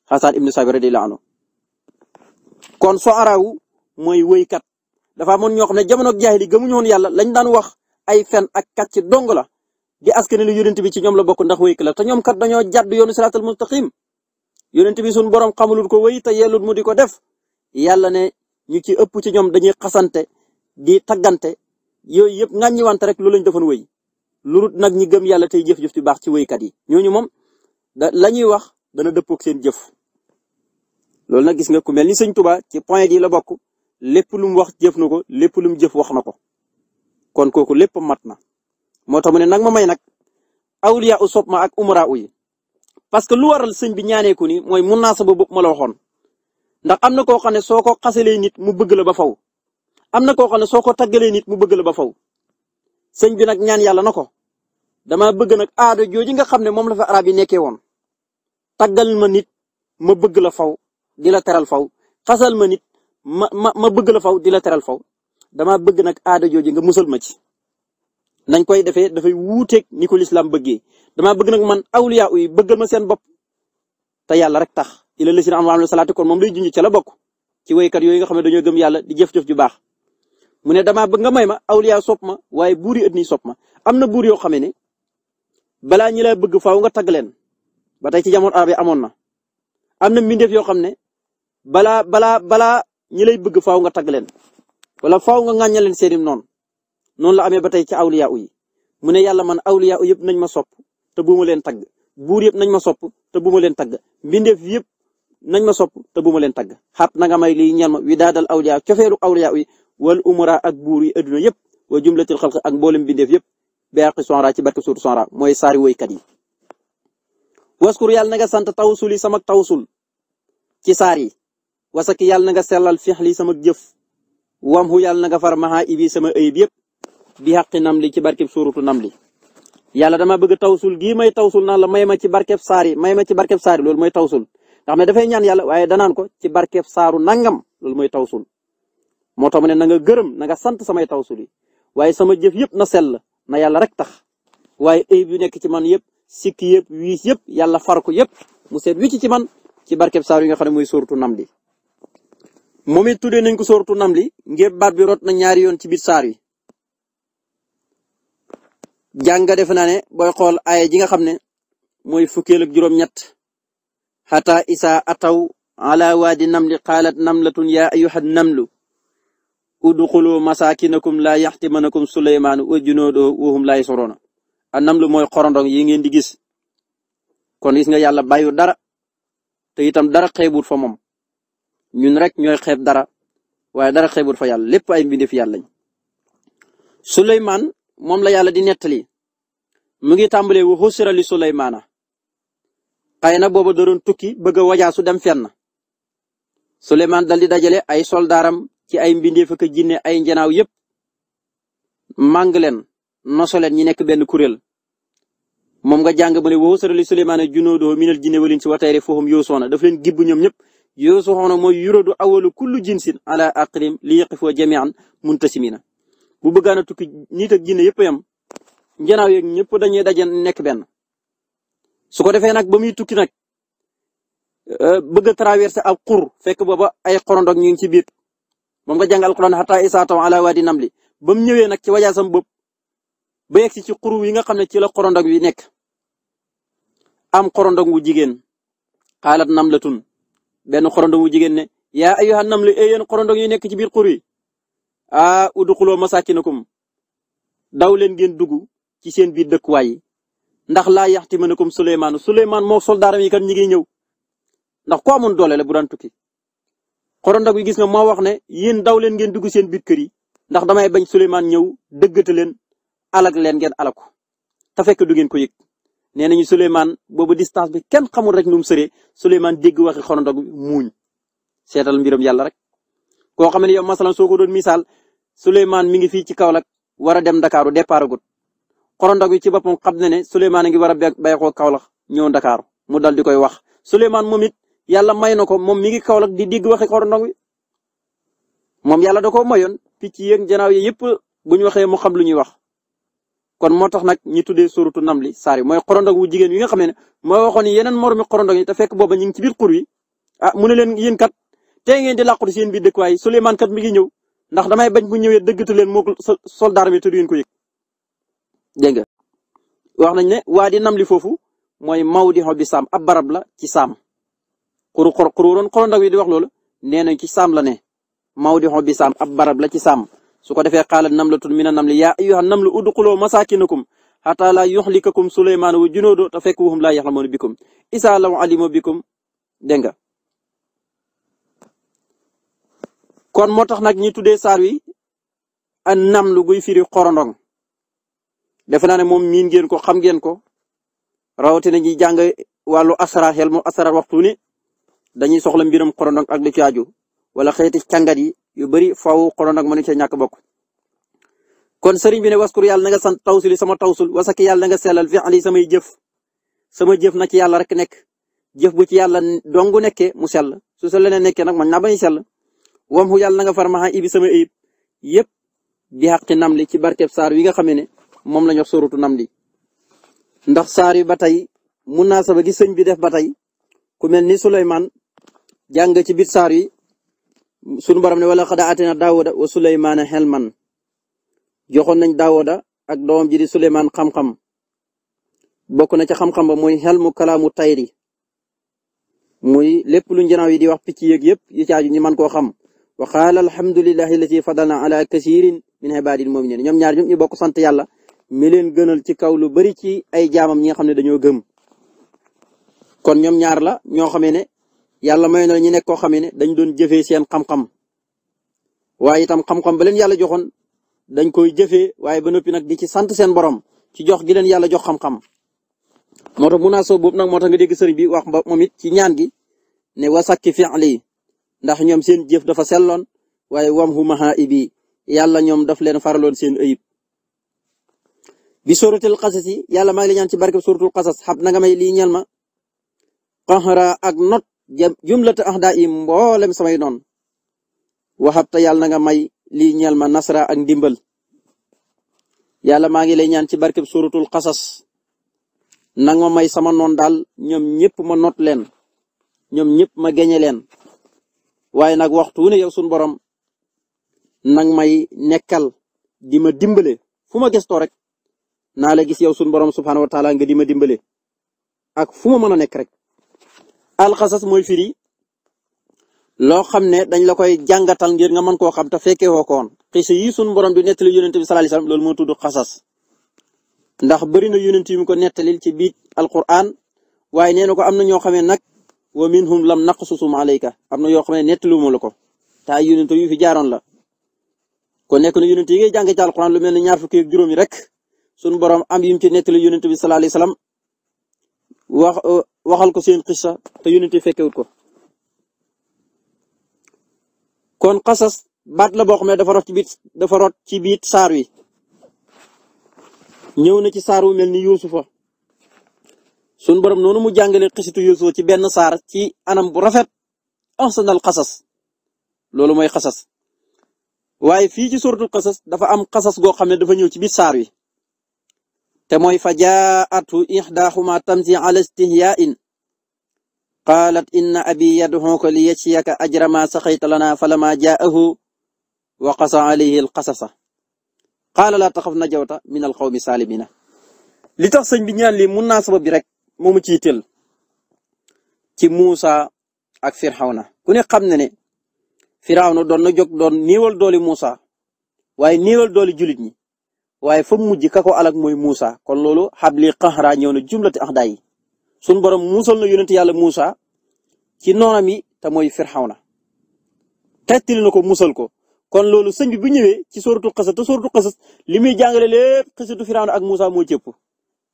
xasaan ibnu di radiyallaahu anhu kon soo araawu mooy wëykat dafa amoon ñoo xam ne jamono jaahili gëmuñu woon yàlla lañ daan wax ay fen a kàcc dong la di askan lu yonent bi ci ñoom la bokk ndax wëykat la te ñoom kat dañoo jàdd yoonu yonent bi suñ borom xamulut ko wéy te yellut mu di ko def yàlla ne ñu ci ëpp ci ñoom dañuy xasante di taggante yooyu yëpp ŋàññiwante rek loolu lañ defoon wéy lu rut nag ñi gëm yàlla tey jëf-jëf ci baax ci wéykat yi ñu moom da la ñuy wax dana dëppoog seen jëf loolu nag gis nga ku mel ni sëñ Tuubaa ci point yi la bokk lépp lu mu wax jëf na ko lépp lu mu jëf wax na ko kon kooku lépp mat na moo tax mu ne nag ma may nag awliya u sopp ma ak umara u parce que lu waral sëñ bi ñaanee ko ni mooy mun naa sa bopp ma la waxoon ndax am na koo xam ne soo ko xasalee nit mu bëgg la ba faw am na koo xam ne soo ko taggalee nit mu bëgg la ba faw sëñ bi nag ñaan yàlla na ko dama bëgg nag aada jooji nga xam ne moom la fa arab yi nekkee woon taggal ma nit ma bëgg la faw dila la teral faw xasal ma nit ma ma ma bëgg la faw di la teral faw dama bëgg nag aada jooji nga musal ma ci nañ koy defee dafay wuuteeg ni ko lislaam bëggee damaa bëgg nag man awliya yi bëggal ma seen bopp te yàlla rek tax ila lisina am amlu salaat kon moom lay junj ca la bokk ci waykat yooyu nga xam ne dañoo gëm yàlla di jëf-jëf ju baax mu ne damaa bëgg nga may ma awliya sopp ma waaye buur yi ëtt nii sopp ma am na buur yoo xam ne balaa ñi lay bëgg faaw nga tagg leen ba tey ci jamono arab amoon na am na mbindeef yoo xam ne balaa balaa balaa ñi lay bëgg faaw nga tagg leen wala faaw nga ŋàññal leen seeni noonu noonu la amee ba tey ci awliya yi mu ne yàlla man awliya yëpp nañ ma sopp te bu leen tagg buur yëpp nañ ma sopp te bu leen tagg mbindeef yëpp nañ ma sopp te bu ma leen tagg xaab na nga may liy ñeel ma wi daadal awliya cofeelu awliya yi wal umara ak buur yi adduna yëpp wa jumlatil xalq ak mboolem mbindeef yëpp beeqi sonra ci barke suur sonra mooy saari woykat yi waskur yàlla na nga sant tawsul yi sama tawsul ci saar yi wasaki yàlla na nga sellal fexli sama jëf wam hu yàlla na nga far maha ibi sama ayib yëpp bi xaqi nam li ci barkeb suuratu nam li yàlla dama bëgg taw tawsul gii may taw tawsul naan la may ma ci barkeb saari may ma ci barkeb saar loolu mooy tawsul nga xam ne dafay ñaan yàlla waaye danaan ko ci barkeb saaru nangam loolu mooy tawsul moo tax ma ne na gërëm na sant samay tawsul yi waaye sama jëf yëpp na sell na yàlla rek tax waaye ayib nekk ci man yëpp sikki yëpp wiis yëpp yàlla far ko yëpp mu seet wicc ci man ci barkeb saar yi nga xam ne mooy sóoratu nam li moom it tuddee nañ ko sóoratu nam li ngir baat bi rot na ñaari yoon ci biir saar yi jàng def naa ne booy xool aaya ji nga xam ne mooy fukkeel ak juróom-ñett xata isa ataw ala waadi namli qaalat namlatun yaa ayuha namlu udxulu masakinakum laa yaxtimanakum suleymaanu wa junoodoo wahum laa yasoroona a namlu mooy xorondong yi ngeen di gis kon gis nga yàlla bàyyu dara te itam dara xeebut fa mom ñun rek ñooy xeeb dara waaye dara xeebut fa yàlla lépp ay mbindeef yàlla lañ suleymaan moom la yàlla di nettali mu ngi tàmbalee wa xusira li Suleymaana xëy na booba doroon tukki bëgg a wajaasu dem fenn Suleymaan dal di dajale ay soldaaram ci ay mbindeef ak jinne ay njanaaw yépp màng leen noso leen ñi nekk benn kuréel moom nga jàng ba ne wa xusira li Suleymaana junuuduhu minal jinni wal insi wa tayri fahum yuusuuna daf leen gibb ñoom ñëpp yuusuuna mooy yuradu awalu kullu jinsin ala aqrim li yaqifu jamian muntasimina bu bëggaan a tukki nit ak jinne yëpp yam njanaaw yeeg ñëpp dañuy daje nekk benn su ko defee nag ba muy tukki nag euh, bëgg a traversé ab xur fekk booba ay xorondog ñu ngi ci biir moom nga jàng alquran xataa isaataw ala waadi namli ba mu ñëwee nag ci wajaasam bopp ba yegg si ci xur yi nga xam ne ci la xorondog wi nekk am xorondog wu jigéen xaalat namlatun benn xorondog wu jigéen ne yaa ayyuhan namlu ay yéen xorondog yi nekk ci biir xur yi ah udxuloo masaakinakum daw leen ngeen dugg ci seen biir dëkkuwaay yi ndax laa yaxtimanakum Suleymaanu Suleymaan moo soldaaram yi kan ñi ngi ñëw ndax ku amoon doole la bu daan tukki. xorondak bi gis nga moo wax ne yéen daw leen ngeen dugg seen biir kër yi ndax damay bañ Suleymaan ñëw dëggate leen alag leen ngeen alaku te fekk du ngeen ko yëg. nee nañu Souleymane boobu distance bi kenn xamul rek nu mu sëree Souleymane dégg waxi xorondog bi muuñ seetal mbiram yàlla rek koo xam ne yow masalan soo ko doon misaal Souleymane mi ngi fii ci Kaolack war a dem Dakar départ gut xorondak wi ci boppam xam na ne Souleymane a ngi war a bàyyeekoo Kaolack ñëw Dakar mu dal di koy wax Souleymane moom it yàlla may na ko moom mi ngi Kaolack di digg waxi xorondak wi moom yàlla da koo mayoon picc yeeg janaaw yi yëpp bu ñu waxee mu xam lu ñuy wax. kon moo tax nag ñi tuddee suratu namli saar yi mooy xorondak wu jigéen yi nga xam ne mooy waxoon yeneen moromi xorondak yi te fekk ñu ngi ci biir xur ah, mu ne leen yéen tey ngeen di làqatu bi biir dëkkuwaay Souleymane kat mi ngi ñëw ndax damay bañ bu ñëwee dëggatu leen moog soldaar bi te du ngeen ko yëg. dégg nga wax nañ ne waa di nam li foofu mooy mawdi xobi saam ab barab la ci saam. xuru xor xururoon xorondak wi di wax loolu nee nañ ci saam la ne mawdi xobi saam ab barab la ci saam su ko defee xaalat namlatun nam namli yaa ayyuha namlu udxuluu masaakinakum xataa laa yuxlikakum Souleymane wa junoodu te fekkuhum laa yaxlamuuna bikum isaa law alima bikum dégg nga kon moo tax nag ñi tuddee saar wi an guy firi xorondong defe naa ne moom miin ngeen ko xam ngeen ko rawatina ñi jàng wàllu asara xel mu asara waxtu ne dañuy soxla mbiram xorondong ak lu ci aju wala xeeti càngat yi yu bari faaw xorondong mënu ca ñàkk bokk. kon sëriñ bi ne waskur yàlla na nga sant tawsuli sama tawsul wasaki yàlla na nga sellal fi ali samay jëf sama jëf na ci yàlla rek nekk jëf bu ci yàlla dong nekkee mu sell su sa leneen nekkee nag man naa bañ sell wam xu yàlla na nga far ma ibi sama ayib yëpp bi xaqi nam li ci barkeb saar wi nga xamee ne moom la ñu wax sóoratu nam li ndax saar yi ba tey mun naa saba gi sëñ bi def ba tey ku mel ni Souleymane jàng ci biir saar yi sunu borom ne wala xada atina daawuda wa Souleymane xelman joxoon nañ daawuda ak doomam ji di Souleymane xam-xam bokk na ci xam-xam ba mooy xel mu kalaamu tayri muy lépp lu njënaaw yi di wax picc yeeg yëpp yi caaju ñi mën koo xam. wa qaala alhamdulillahi allati fadalna ala kasirin min ibadil mu'minin ñoom ñaar ñoom ñu bokk sant yàlla mi leen gënal ci kaw lu bari ci ay jaamam ñi nga xam ne dañoo gëm kon ñoom ñaar la ñoo xamee ne yàlla may na ñu nekk koo xamee ne dañ doon jëfee seen xam-xam waaye itam xam-xam ba leen yàlla joxoon dañ koy jëfe waaye ba noppi nag gi ci sant seen borom ci jox gi leen yàlla jox xam-xam moo tax munaasoo boobu nag moo tax nga dégg bi wax ba moom it ci ñaan gi ne wasakki fi'li ndax ñoom seen jëf dafa selloon waaye wam hu maha ibi yàlla ñoom daf leen faraloon seen ayib bi suratul qasas yi yàlla maa ngi ci barkeb suratul qasas xab na nga may lii ñel ma qahra ak not jumlata ahda yi mboolem samay noon waxabta yàlla na nga may lii ñel ma nasra ak ndimbal yàlla maa ngi lay ñaan ci barkeb suratul kasas nanga ma may sama noon daal ñoom ñëpp ma not leen ñoom ñëpp ma geñe leen waaye nag waxtu wu ne yow sunu borom nag may nekkal di ma dimbale fu ma gëstoo rek naa la gis yow sunu borom subhaanahu wa taala di ma dimbale ak fu ma mën a nekk rek. alxasas mooy firi loo xam ne dañ la koy jàngatal ngir nga mën koo xam te fekkee woo ko woon xisa yi sunu borom di nettali yonent bi sallallahu alayhi wasallam loolu moo tudd xasas ndax bëri na yonent yi mu ko nettalil ci biir alquran waaye nee na ko am na ñoo xamee nag. wa minhum lam naqsusum alayka am na yoo xam ne nettaluuma la ko te ay yonent yu fi jaaroon la kon nekk na yonent yi ngay jàng ci alquran lu mel ne ñaar fukki ak juróom yi rek sunu borom am yim ci nettali yonent bi sallallahu alayhi euh, waxal ko seen xissa te yonent yi fekkewut ko kon xasas baat la boo xam ne dafa rot ci biit dafa saar wi ñëw na ci saar wu mel ni yuusufa sun borom noonu mu jàngale xisitu Yuusuf ci benn saar ci anam bu rafet ahsanal xasas loolu mooy xasas waaye fii ci suratul xasas dafa am kasas goo xam ne dafa ñëw ci biir saar wi te mooy fa jaatu ixdaaxuma tamsi ala istihyain qaalat inna abi yadxuuka li yajziyaka ajra ma saxayta lana falama jaahu wa qasa alayhi alqasasa qaala laa taxaf najawta min alqawmi saalimina li tax sëñ bi ñaan lii munaasaba bi rek moomu ci yitteel ci Muusa ak Firawna ku ne xam ne ne Firawna doon na jóg doon niiwal dooli Muusa waaye niiwal dooli julit ñi waaye fa mujj kako ko alak mooy Muusa kon loolu xabli qahra ñëw na jumlati axdaa yi sunu borom muusal na yonent yàlla Muusa ci noonam yi te mooy Firawna xettali na ko musal ko kon loolu sëñ bi bu ñëwee ci sóoratu xasas te sóoratu xasas li muy jàngale lépp xasatu ak Muusa moo cëpp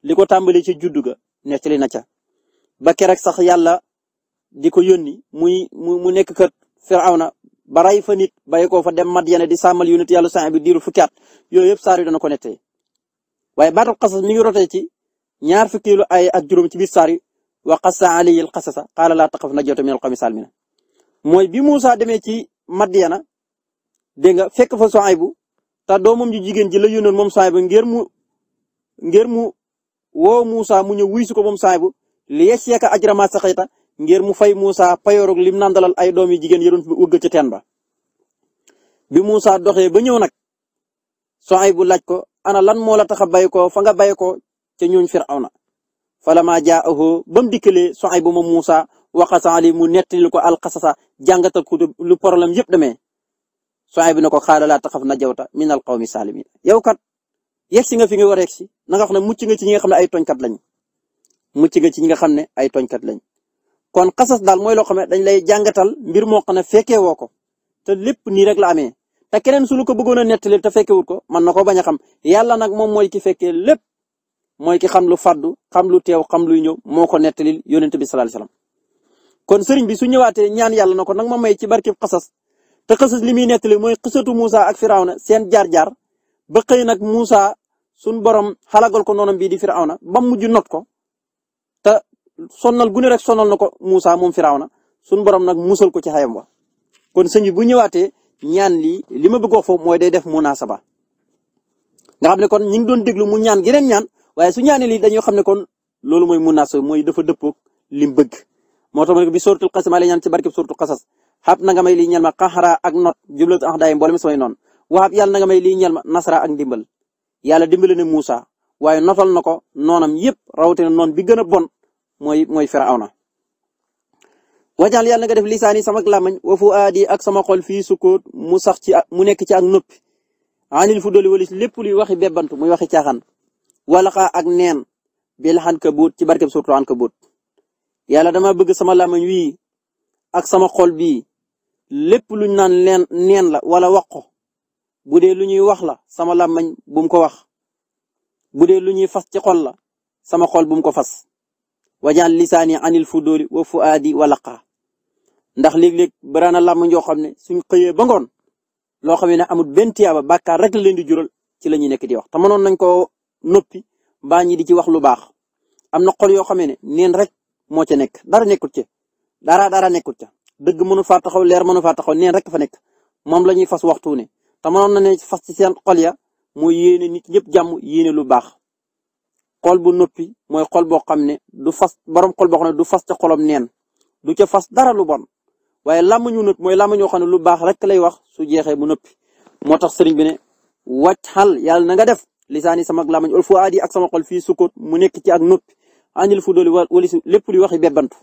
li ko tàmbalee ci juddu nettali na ca ba keroog sax yàlla di ko yónni muy mu nekk kër Firawna ba rey fa nit ba ko fa dem Madyana di sàmmal yu nit yàlla saa bi diiru fukki at yooyu yëpp saar yi dana ko nettali waaye baatul xasas mi ngi rotee ci ñaar fukkeelu ay ak juróom ci biir saar yi wa qassa alayhi al-qasasa qaala laa taxaf najjata min al-qawmi saalmina mooy bi Moussa demee ci Madyana dégg nga fekk fa Suaybu te doomam ju jigéen ji la yónnoon moom Suaybu ngir ngir mu wo Moussa mu ñëw wuy si ko moom saay bu li yesseeka ajrama saxayta ngir mu fay Moussa payoorog lim nandalal ay doom yu jigéen yoroon fi wëgg ca teen ba. bi Moussa doxee ba ñëw nag saay bu laaj ko ana lan moo la tax a bay ko fa nga bay ko ca ñooñ na falamaa jaahu ba mu dikkalee saay bu moom Moussa waxasaan li mu nettali ko alxasasa jàngatal ko lu problème yëpp deme saay bu ne ko xaala laa taxaf najawta minal qawmi saalimiin yow kat yegg si nga fi nga war a yegg si na nga wax ne mucc nga ci nga xam ne ay tooñkat lañ nga ci ñi nga xam ne ay tooñkat lañ kon xasas daal mooy loo xam ne dañ lay jàngatal mbir moo xam ne fekkee ko te lépp nii rek la amee te keneen su lu ko bëggoon a nettali te fekkewut ko man na ko bañ xam yàlla nag moom mooy ki fekkee lépp mooy ki xam lu faddu xam lu teew xam lu ñëw moo ko nettalil yonent bi sallallahu alayhi kon sëriñ bi su ñëwaatee ñaan yàlla na ko nag ma may ci barkeb xasas te xasas li muy nettali mooy xasatu Moussa ak Firawna seen jaar-jaar ba nag Moussa suñ borom xalagal ko noonam bii di Firawna ba mujj not ko te sonnal gu ne rek sonal na ko Moussa moom Firawna suñ borom nag musal ko ci xayam wa kon sëñ bi bu ñëwaatee ñaan lii li ma bëgg wax mooy day def munasaba nga xam ne kon ñu ngi doon déglu mu ñaan geneen ñaan waaye su ñaanee lii dañoo xam ne kon loolu mooy munasaba mooy dafa dëppoog li mu bëgg moo tax ma ne bi suratul qasas maa lay ñaan ci nga may lii ñeel ma qaxara ak not jublat ahdaay mboolem samay noon waxaab yàlla na nga may lii ñeel ma ak ndimbal yàlla dimbale ne Moussa waaye notal na ko noonam yëpp rawatina noon bi gën a bon mooy mooy na wajal yàlla nga def lisaani sama làmmiñ wa fuaadi ak sama xol fii sukkoot mu sax ci mu nekk ci ak noppi anil fu doli walis lépp luy waxi bebbantu muy waxi caaxaan xa ak neen bil ankabut ci barkeb surtu ankabut yàlla dama bëgg sama làmmiñ wi ak sama xol bii lépp luñ naan leen neen la wala wax bu dee lu ñuy wax la sama làmmañ bu ko wax bu dee lu ñuy fas ci xol la sama xol bu ko fas wajal lisaani anil fudooli wa fuaadi wa laqa ndax léeg-léeg baraana làmmañ yoo xam ne suñ xëyee ba ngoon loo xam ne amul benn tiyaaba bàkkaar rek la leen di jural ci la ñuy nekk di wax te mënoon nañ ko noppi baa ñi di ci wax lu baax am na xol yoo xam ne neen rek moo ca nekk dara nekkul ca dara dara nekkul ca dëgg mënu faa taxaw leer mënu faa taxaw neen rek fa nekk moom la ñuy fas waxtu ne te mënoon na ne fas ci seen xol ya mooy yéene nit ñëpp jàmm yéene lu baax xol bu noppi mooy xol boo xam ne du fas boroom xol boo xam ne du fas ca xolom neen du ca fas dara lu bon waaye ñu nit mooy làmmiñ ñoo xam ne lu baax rek lay wax su jeexee mu noppi moo tax sëriñ bi ne wàcc xal yàlla na nga def lisaani sama làmmiñ ul fu aadi ak sama xol fii sukkoot mu nekk ci ak noppi àndil fu dooli wali si lépp luy waxi bebbantu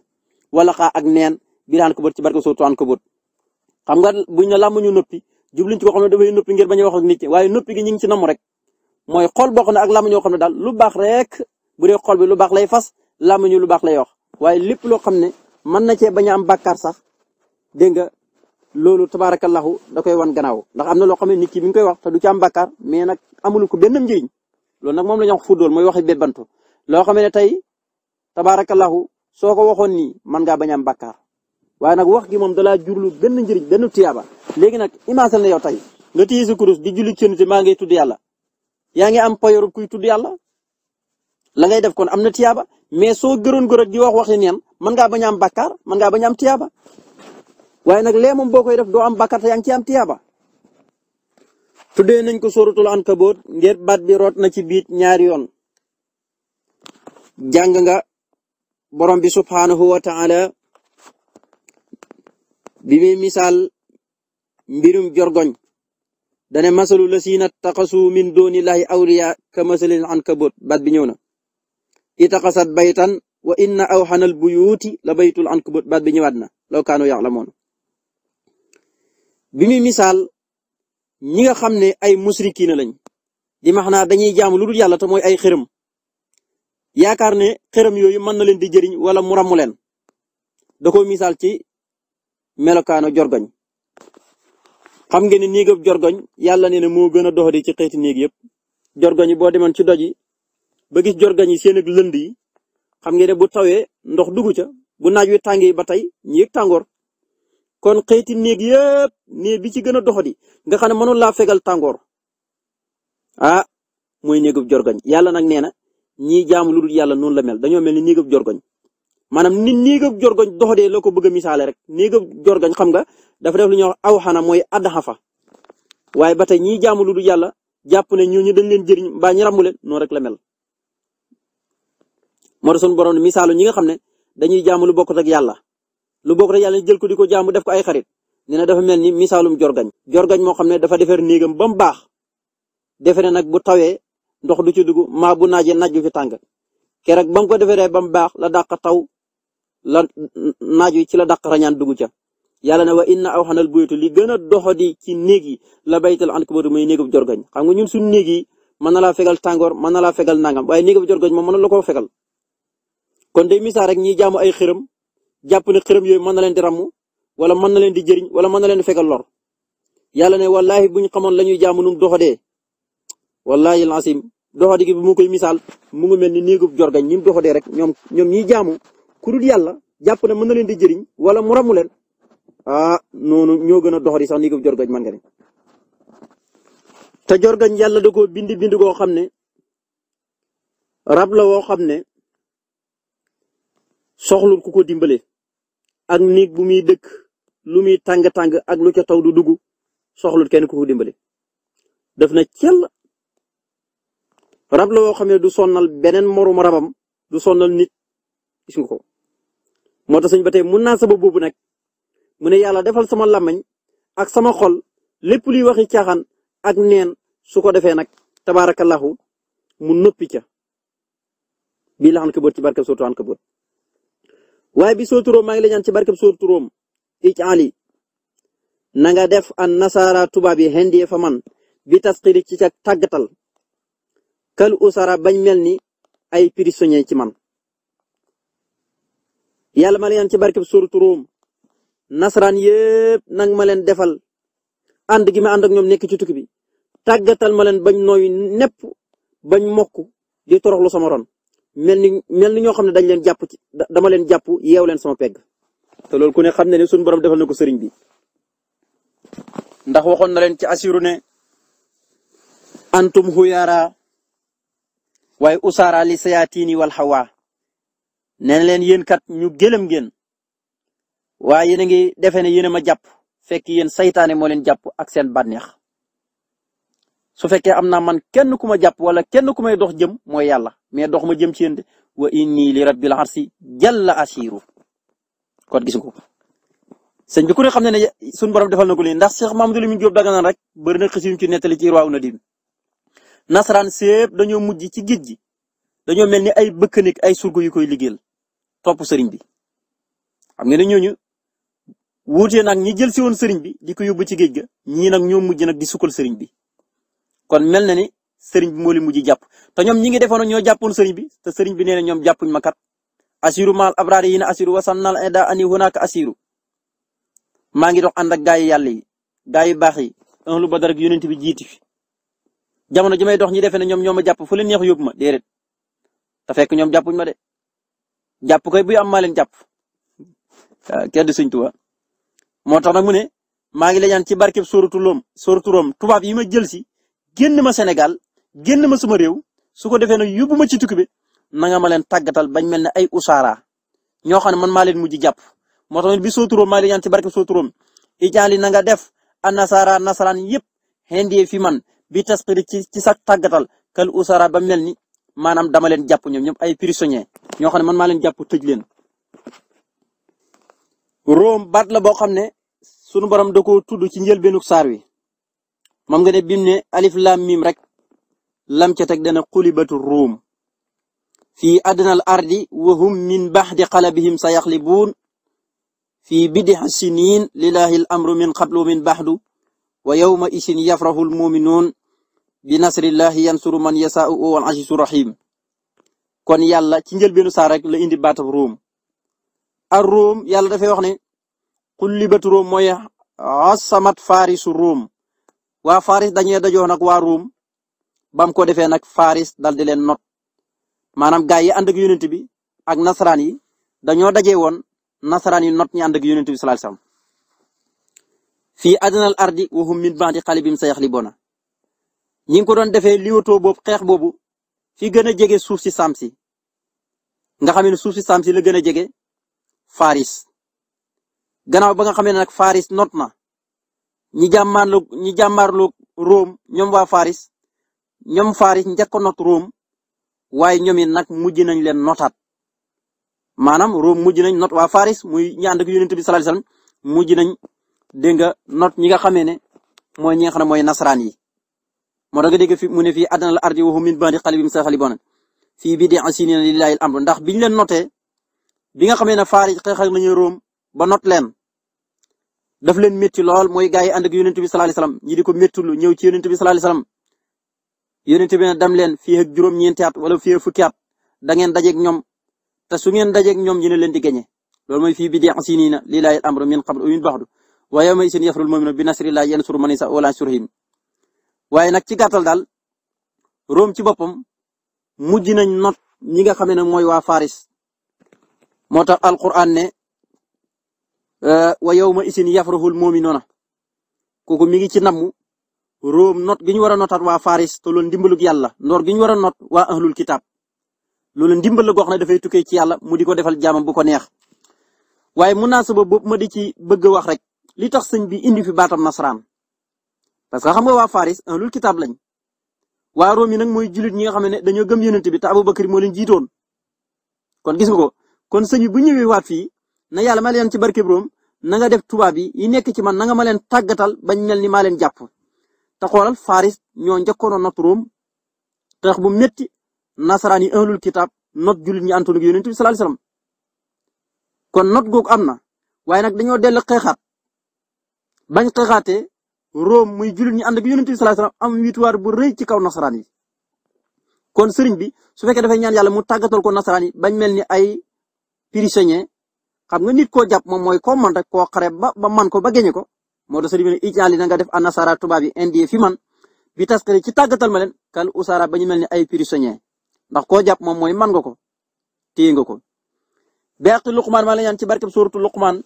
wala xaa ak neen biraan ko ci barke soo tuwaan ko xam nga buñ ne jubluñ ci koo xam ne dafay noppi ngir bañ a wax ak nit ñi waaye noppi gi ñu ngi ci namm rek mooy xol boo xam ne ak làmm ñoo xam ne daal lu baax rek bu xol bi lu baax lay fas làmm ñu lu baax lay wax waaye lépp loo xam ne mën na cee bañ a am bàkkaar sax dégg nga loolu laxu da koy wan gannaaw ndax am na loo xam ne nit ki mi ngi koy wax te du ci am bàkkaar mais nag amul ko benn njëriñ loolu nag moom la ñu wax fuddool mooy waxi bébbantu loo xam ne tey tabaarakallahu soo ko waxoon nii mën ngaa bañ a am waaye nag wax gi moom dalaa jurlu benn njëriñ benn tiyaaba léegi nag imaasal na yow tey nga téye sa kurus di julli ci nit maa ngay tudd yàlla yaa ngi am payoru kuy tudd yàlla la ngay def kon am na tiyaaba mais soo gëroon gërët gi wax waxi neen mën ngaa bañ a am bakkaar mën bañ am tiyaaba waaye nag lee moom boo koy def doo am bakkaar te yaa ngi ci am tiyaaba tuddee nañ ko sóoratul Ankabut ngir baat bi root na ci biit ñaari yoon jàng nga borom bi subhanahu bi muy misaal mbirum jorgoñ dane masalu la siina taxasu min doonillahi awliya ka masalin ankabut baat bi ñëw na itaxasat baytan wa aw inna bu buyuuti la baytul ankabut baat bi ñëwaat na law kaanu yaxlamoon bi muy ñi nga xam ne ay musrikiina lañ di max naa dañuy jaamu lu dul yàlla te mooy ay xërëm yaakaar ne xerem yooyu mën na leen di jëriñ wala mu ràmmu leen da ci melokaanu jorgoñ xam ngeen ne néegab jorgoñ yàlla nee na moo gën a doxadi ci xeeti néeg yëpp jorgoñ boo demoon ci doj yi ba gis jorgoñ yi seen ak lënd yi xam ngeen ne bu tawee ndox dugg ca bu naaj wi tàngee ba tey ñi yëg tàngoor kon xeeti néeg yëpp néeg bi ci gën a doxadi nga xam ne mënul laa fegal tàngoor ah mooy néegub jorgoñ yàlla nag nee na ñii jaamu lu dul yàlla noonu la mel dañoo mel ni néegab jorgoñ maanaam ni néegab jorgoñ doxadee la ko bëgg a misaale rek néegab jorgoñ xam nga dafa def lu ñuy wax aw xana mooy addaxa fa waaye ba tey ñiy jaamu lu du yàlla jàpp ne ñu dañ leen jëriñ mbaa ñu ràmmu leen noonu rek la mel. moo tax sunu borom ne misaalu ñi nga xam ne dañuy jaamu lu bokkut ak yàlla lu bokkut ak yàlla jël ko di ko jaamu def ko ay xarit nee na dafa mel ni misaalum jorgañ. jorgañ moo xam ne dafa defar néegam ba mu baax defe nag bu tawee ndox du ci dugg naajee naaj bi fi tàng la naaj wi ci la dàq rañaan dugg ca yàlla ne wa inna aw xanal buyutu li gën a doxadi ci néeg yi la baytal ankabatu muy néegub jorgañ xam nga ñun suñu néeg yi mën na laa fegal tàngoor mën na laa fegal nangam waaye néegub jorgañ moom mën na la koo fegal kon day misaal rek ñiy jaamu ay xërëm jàpp ne xërëm yooyu mën na leen di ràmm wala mën na leen di jëriñ wala mën na leen di fegal lor yàlla ne wallahi bu ñu xamoon la ñuy jaamu num doxadee wallahi lasim doxadi gi bi mu koy misaal mu ngi mel ni néegub jorgañ ñi mu doxadee rek ñoom ku dul yàlla jàpp ne mën na leen di jëriñ wala mu ramu leen ah noonu ñoo gën a doxali sax nii ko jorgañ man nga jorgañ yàlla da bind bind goo xam ne rab la woo xam ne soxlul ku ko dimbale ak nig bu muy dëkk lu muy tàng-tàng ak lu ca taw du dugg soxlul kenn ku ko dimbale def na cell rab woo xam ne du sonnal beneen moroom rabam du sonnal nit gis ko moo tax sëñ ba tey mun naa saba boobu nag mu ne yàlla defal sama làmmañ ak sama xol lépp luy waxi caaxaan ak neen su ko defee nag tabaarakallahu mu noppi ca bi la Ankabut ci barkeb sootu Ankabut waaye bi sootu Room ci barkeb sootu Room ijaali na def an nasaara tubaab yi fa man bi tasxiri ci ca tàggatal kal usara bañ mel ni ay prisonnier ci man yàlla ma ci barkeb suuratu Room nasaraan yëpp nag ma leen defal ànd gi ma ànd ak ñoom nekk ci tukki bi tàggatal ma leen bañ nooy nepp bañ mokk di toroxlu sama ron mel ni mel ni ñoo xam ne dañ leen jàpp ci dama leen jàpp yeew leen sama pegg. te loolu ku ne xam ne ne suñu borom defal na ko sëriñ bi. ndax waxoon na leen ci asiru ne. antum huyara waaye usaara li sayatini wal hawa nee na leen yéen kat ñu gëlëm ngeen waaye yéen a ngi defee ne yéen ma jàpp fekk yéen seytaane moo leen jàpp ak seen bànneex su fekkee am naa man kenn ku ma jàpp wala kenn ku may dox jëm mooy yàlla mais dox ma jëm ci yéen de wa inni li rabbil arsi jalla asiru kon gis nga ko sëñ bi ne xam ne ne suñu borom defal na ko lii ndax Cheikh Mamadou Lamine Diop daga naan rek bëri na xis yu ci nettali ci Irwaa Nadim nasaraan sépp dañoo mujj ci géej gi dañoo mel ni ay bëkkanik ay surga yu koy liggéeyal topp sëriñ bi xam nga ne ñooñu wuutee nag ñi jël si woon sëriñ bi di yóbbu ci géej ga ñii nag ñoo mujj nag di sukkal sëriñ bi kon mel na ni sëriñ bi moo leen mujj jàpp te ñoom ñi ngi defoon ñoo jàppoon sëriñ bi te sëriñ bi nee ñoom jàppuñ ma kat asiru maal abraari yi na asiru wasannal ida ani hunaka asiru maa ngi dox ànd ak gaay yàlla yi gaay yu baax yi ahlu badar ak yonent bi jiiti fi may dox ñi defee ne ñoom ñoo ma jàpp fu leen neex yóbbu ma déedéet te fekk ñoom jàppuñ ma de jàpp koy buy am maa leen jàpp ah, kenn du sëñ Tuubaa moo tax nag mu ne maa ngi la ñaan ci barkeb sóoratu Room sóoratu Room tubaab yi ma jël si génn ma Sénégal génn ma sama réew su ko defee nag yóbbu ma ci tukki bi na nga ma leen bañ mel ne ay usaara ñoo xam ne man maa leen mujj jàpp moo tax bi sóoratu Room maa ngi la ñaan ci barkeb sóoratu Room ijaali na nga def a nasaara nasaraan yëpp xendee fi man bi tasqiri ci ci sa tàggatal kal usaara ba mel ni maanaam dama leen jàpp ñoom ñoom ay prisonniers ñoo xam ne man maa leen jàpp tëj leen room baat la boo xam ne sunu borom da koo tudd ci njëlbeenu saar wi moom nga ne bim ne alif lam mim rek lam ca teg dana xulibatu room fii adnal ardi wa hum min baxdi xalabihim sa yaxlibuun fii bidix siniin lillahi al amru min qablu min baxdu wa yawma isin yafrahu al bi nasrillahi yansuru man yasaau wal asisu rahim kon yàlla ci njëlbeenu saar rek la indi baatab ruum ar ruum yàlla dafay wax ne xullibatu ruum mooy asamat farisu ruum waa faris dañee dajoo nag waa ruum bam ko defee nag faris dal di leen not maanaam gaa yi ànd ak yonent bi ak nasaraan yi dañoo daje woon nasaraan yi not ñi ànd ak yonent bi sallallahu alayhi wasallam fii adnal ardi wa hum min ba'di qalibim sayaxlibuna ñi ngi ko doon defee liwatoo boobu fi gën a jege suuf si saam si nga xam ne suuf si saam la gën a jege faris gannaaw ba nga xamee ne nag faris not na ñi jàmmaarlu ñi jàmmaarlu Rome ñoom waa faris ñoom faris njëkk a not Rome waaye ñoom it nag mujj nañ leen notaat maanaam Rome mujj nañ not waa faris muy ñi ànd ak yonent bi sallallahu mujj nañ dégg nga not ñi nga xamee ne mooy ñi nga xam ne mooy nasaraan yi. moo nga dégg fi mu ne fii adnal ardi wa hum min ba'di qalbihim saghlibuun fii bid'i sinina lillahi al ndax biñ leen notee bi nga xamee ne faar yi xeex ak Room ba not leen daf leen meti lool mooy gaa yi ànd ak yonent bi sallallahu alayhi wasallam ñi di ko métti ñëw ci yonent bi sallallahu alayhi wasallam yonent bi ne dem leen fii ak juróom wala fi ak fukki at da ngeen dajeeg ñoom te su ngeen dajeeg ñoom ñu ne leen di gañe loolu mooy fii bid'i sinina lillahi al-amru min qablu wa min ba'du wa yawma bi nasrillahi yansuru man yasha waaye nag ci gàttal daal Rome ci boppam mujj nañ not ñi nga xam ne mooy waa Faris moo tax alquran ne wa yawma isin yafrahul mu'minuna kooku mi ngi ci namm Rome not gi ñu war a notaat waa Faris te loolu ndimbalug yàlla ndor gi ñu war a not waa ahlul kitab loolu ndimbal la goo xam ne dafay ci yàlla mu di ko defal jaamam bu ko neex waaye munaasaba boobu ma di ci bëgg wax rek li tax sëñ bi indi fi baatam nasaraan parce que xam nga waa Faris ahlul kitaab lañ waa Room yi nag mooy jullit ñi nga xam ne dañoo gëm yonent bi ta Abubakar moo leen jiitoon kon gis ko kon sëñ bu ñëwee waat fii na yàlla ma leen ci barke Room na nga def tubaab yi yi nekk ci man na nga ma leen tàggatal bañ mel ni maa leen jàpp te xoolal Faris ñoo njëkkoon not Room xeex bu métti nasaraan yi ahlul kitaab not jullit ñi antoon ak yonent bi sallallahu alayhi kon not googu am na waaye nag dañoo dellu xeexaat bañ xeexaatee Rome muy jullit ñi ànd ak yonent bi sallallahu alayhi wasallam am victoire bu rëy ci kon sëriñ bi su fekkee dafay ñan yàlla mu tàggatal ko nasaraan bañ mel ni ay prisonnier xam nga nit koo jàpp moom mooy koo man rek koo xare ba ba man ko ba génne ko moo tax sëriñ bi ne ijaan na nga def a nasara tubaab yi indien fi man bi taskari ci tàggatal ma leen kal usara ba ñu mel ni ay prisonnier ndax koo jàpp moom mooy man nga ko téye nga ko. beeqi luqmaan maa la ñaan ci barkeb suuratu luqmaan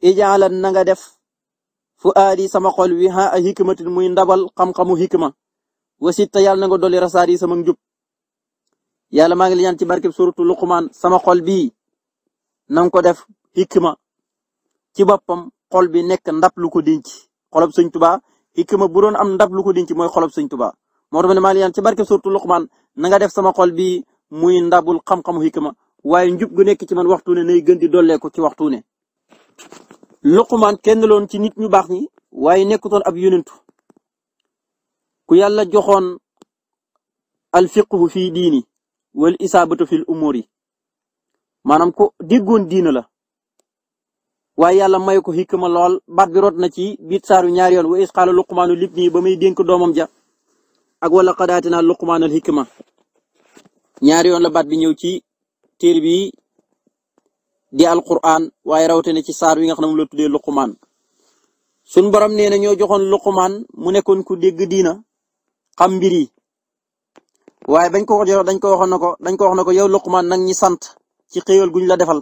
ijaan la na nga def fu aadi sama xol wi ha ay hikmatin muy ndabal xam-xamu hikma wasitta yàlla na nga dolli rasaar yi sama njub yàlla maa ngi la ñaan ci barkeb suratu luqmaan sama xol bii nanga ko def hikma ci boppam xol bi nekk ndab lu ko denc xolob sëñ tubaa hikma bu doon am ndab lu ko denc mooy xolob sëñ tubaa moo tax ne maa ngi la ñaan ci barkeb suratu luqmaan na def sama xol bi muy ndabul xam-xamu hikma waaye njub gu nekk ci man waxtu ne nay gën di dollee ko ci waxtu ne Luqmaan kenn loon ci nit ñu baax ni waaye nekkutoon ab yonentu ku yàlla joxoon alfiqhu fi diini wal isaabatu fil umuri maanaam ko déggoon diina la waaye yàlla may ko xikma lool baat bi rot na ci biit saaru ñaari yoon wa is qaala luqmaanu libnihi ba muy dénk doomam ja ak wala qad aatinaa luqmaana al xikma ñaari la baat bi ñëw ci téere di alquran waaye rawatina ci saar wi nga xam ne mu la tuddee luqumaan suñ borom nee ñoo joxoon luqumaan mu nekkoon ku dégg diina xam mbir yi waaye bañ ko ko dañ ko waxoon na ko dañ ko wax na ko yow luqumaan nag ñi sant ci xéewal guñ la defal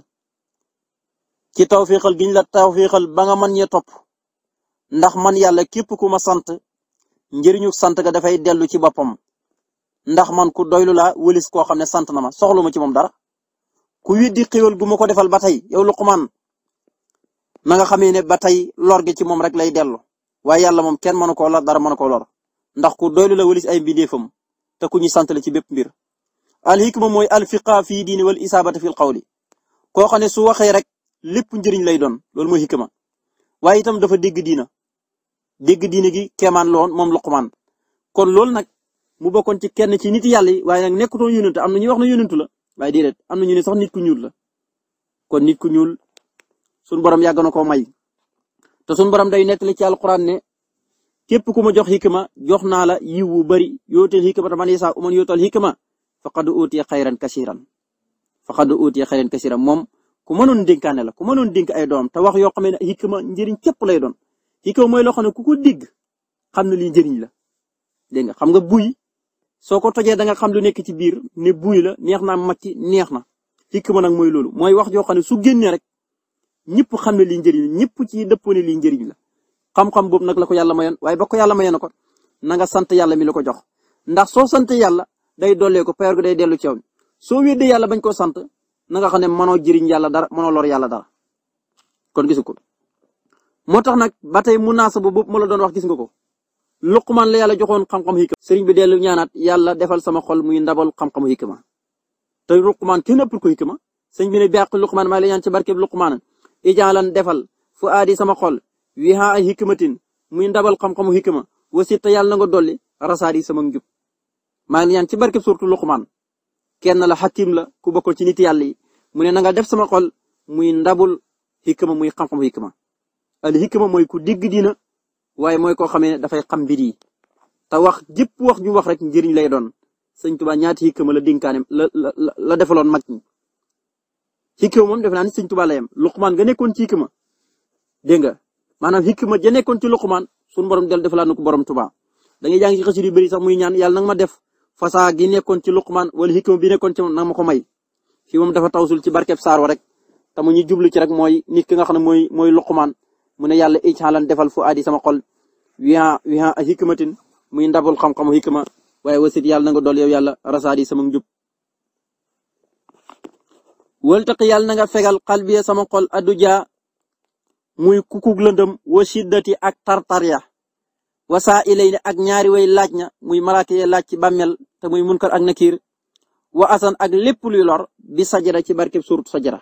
ci tawféexal giñ la tawféexal ba nga man ñee topp ndax man yàlla képp ku ma sant njëriñu sant ga dafay dellu ci boppam ndax man ku doylu laa wëlis koo xam ne sant na ma soxlu ma ci moom dara ku weddi xéwal gu ma ko defal ba tey yow Luqmaan na nga xamee ne ba tey lor gi ci moom rek lay dellu waaye yàlla moom kenn mënu koo lor dara mënu koo lor ndax ku doylu la walis ay mbindeefam te ku ñu sant la ci bépp mbir. al hikma mooy al fiqa fii diini wal isaabata fil qawli koo xam ne su waxee rek lépp njëriñ lay doon loolu mooy hikma waaye itam dafa dégg diina dégg diina gi keemaan la woon moom Luqmaan kon loolu nag mu bokkoon ci kenn ci nit yàlla yi waaye nekk nekkutoon yónantu am na ñuy wax ne yónantu la. waaye déedéet am na ne sax nit ku ñuul la kon nit ku ñuul sunu borom yàgg na koo may te sunu borom day nettali ci alquran ne képp ku ma jox xikma jox naa la yiw wu bari yootal xikma te man yasaa uman yootal xikma faqad utiya xayran kasiran faqad utiya xayran kasiran moom ku mënoon dénkaane la ku mënoon dink ay doom te wax yoo xam ne xikma njëriñ képp lay doon xikma mooy loo xam ne ku ko dégg xam na lii njëriñ la dégg xam nga buy soo ko tojee da nga xam lu nekk ci biir ne buy la neex naa màcc neex na hikma nag mooy loolu mooy wax joo xam ne su génnee rek ñëpp xam ne lii njëriñ la ñëpp ci dëppoo lii njëriñ la xam-xam boobu nag la ko yàlla mayoon waaye ba ko yàlla mayoon na ko na sant yàlla mi la ko jox ndax soo santee yàlla day dollee ko payor gi day dellu ci yow soo weddee yàlla bañ koo sant na xam ne mënoo jëriñ yàlla dara mënoo lor yàlla dara kon gisu ko moo tax nag ba tey munaasa boobu ma la doon wax gis nga ko luqman la yàlla joxoon xam-xam hikma sëriñ bi dellu ñaanaat yàlla defal sama xol muy ndabal xam-xamu hikma te luqman kenn ëppul ko hikma sëriñ bi ne bàq luqman maa ngi lay ñaan ci barkeb luqman ijaalan defal fu aadi sama xol wiha ay hikmatin muy ndabal xam-xamu hikma te yàlla na nga dolli rasaadi sama njub maa ngi lay ñaan ci barkeb surtout luqman kenn la xakim la ku bokkul ci nit yàlla yi mu ne na def sama xol muy ndabul hikma muy xam-xamu hikma al hikma waaye mooy koo xamee ne dafay xam mbir yi te wax jëpp wax ju wax rek njëriñ lay doon sëñ Tuba ñaati xikma la dénkaane la la la defaloon mag ñi xikma moom defe naa ni sëñ Tuba la yem Luqmaan nekkoon ci xikma dégg nga maanaam xikma ja nekkoon ci Luqmaan sunu borom del defalaat na ko borom Tuba da ngay jàng ci xasida yu bëri sax muy ñaan yàlla nag ma def fasaa gi nekkoon ci Luqmaan wala xikma bi nekkoon ci nag ma ko may fii moom dafa tawsul ci barkeb saar rek te mu jublu ci rek mooy nit ki nga xam ne mooy mooy Luqmaan mu ne yàlla ijaalan defal fu aadi sama xol wiha wiha hikmatin muy ndabul xam-xamu hikma waaye wasit yàlla na nga dool yow yàlla rasaadi sama njub wëltaq yàlla na nga fegal xalbiya sama xol aduja muy kukuk lëndëm wa shiddati ak tartarya wasaa ilay ne ak ñaari way laaj na muy malaaka ye laaj ci bàmmeel te muy munkar ak nakiir wa asan ak lépp luy lor bi sajara ci barkeb suurtu sajara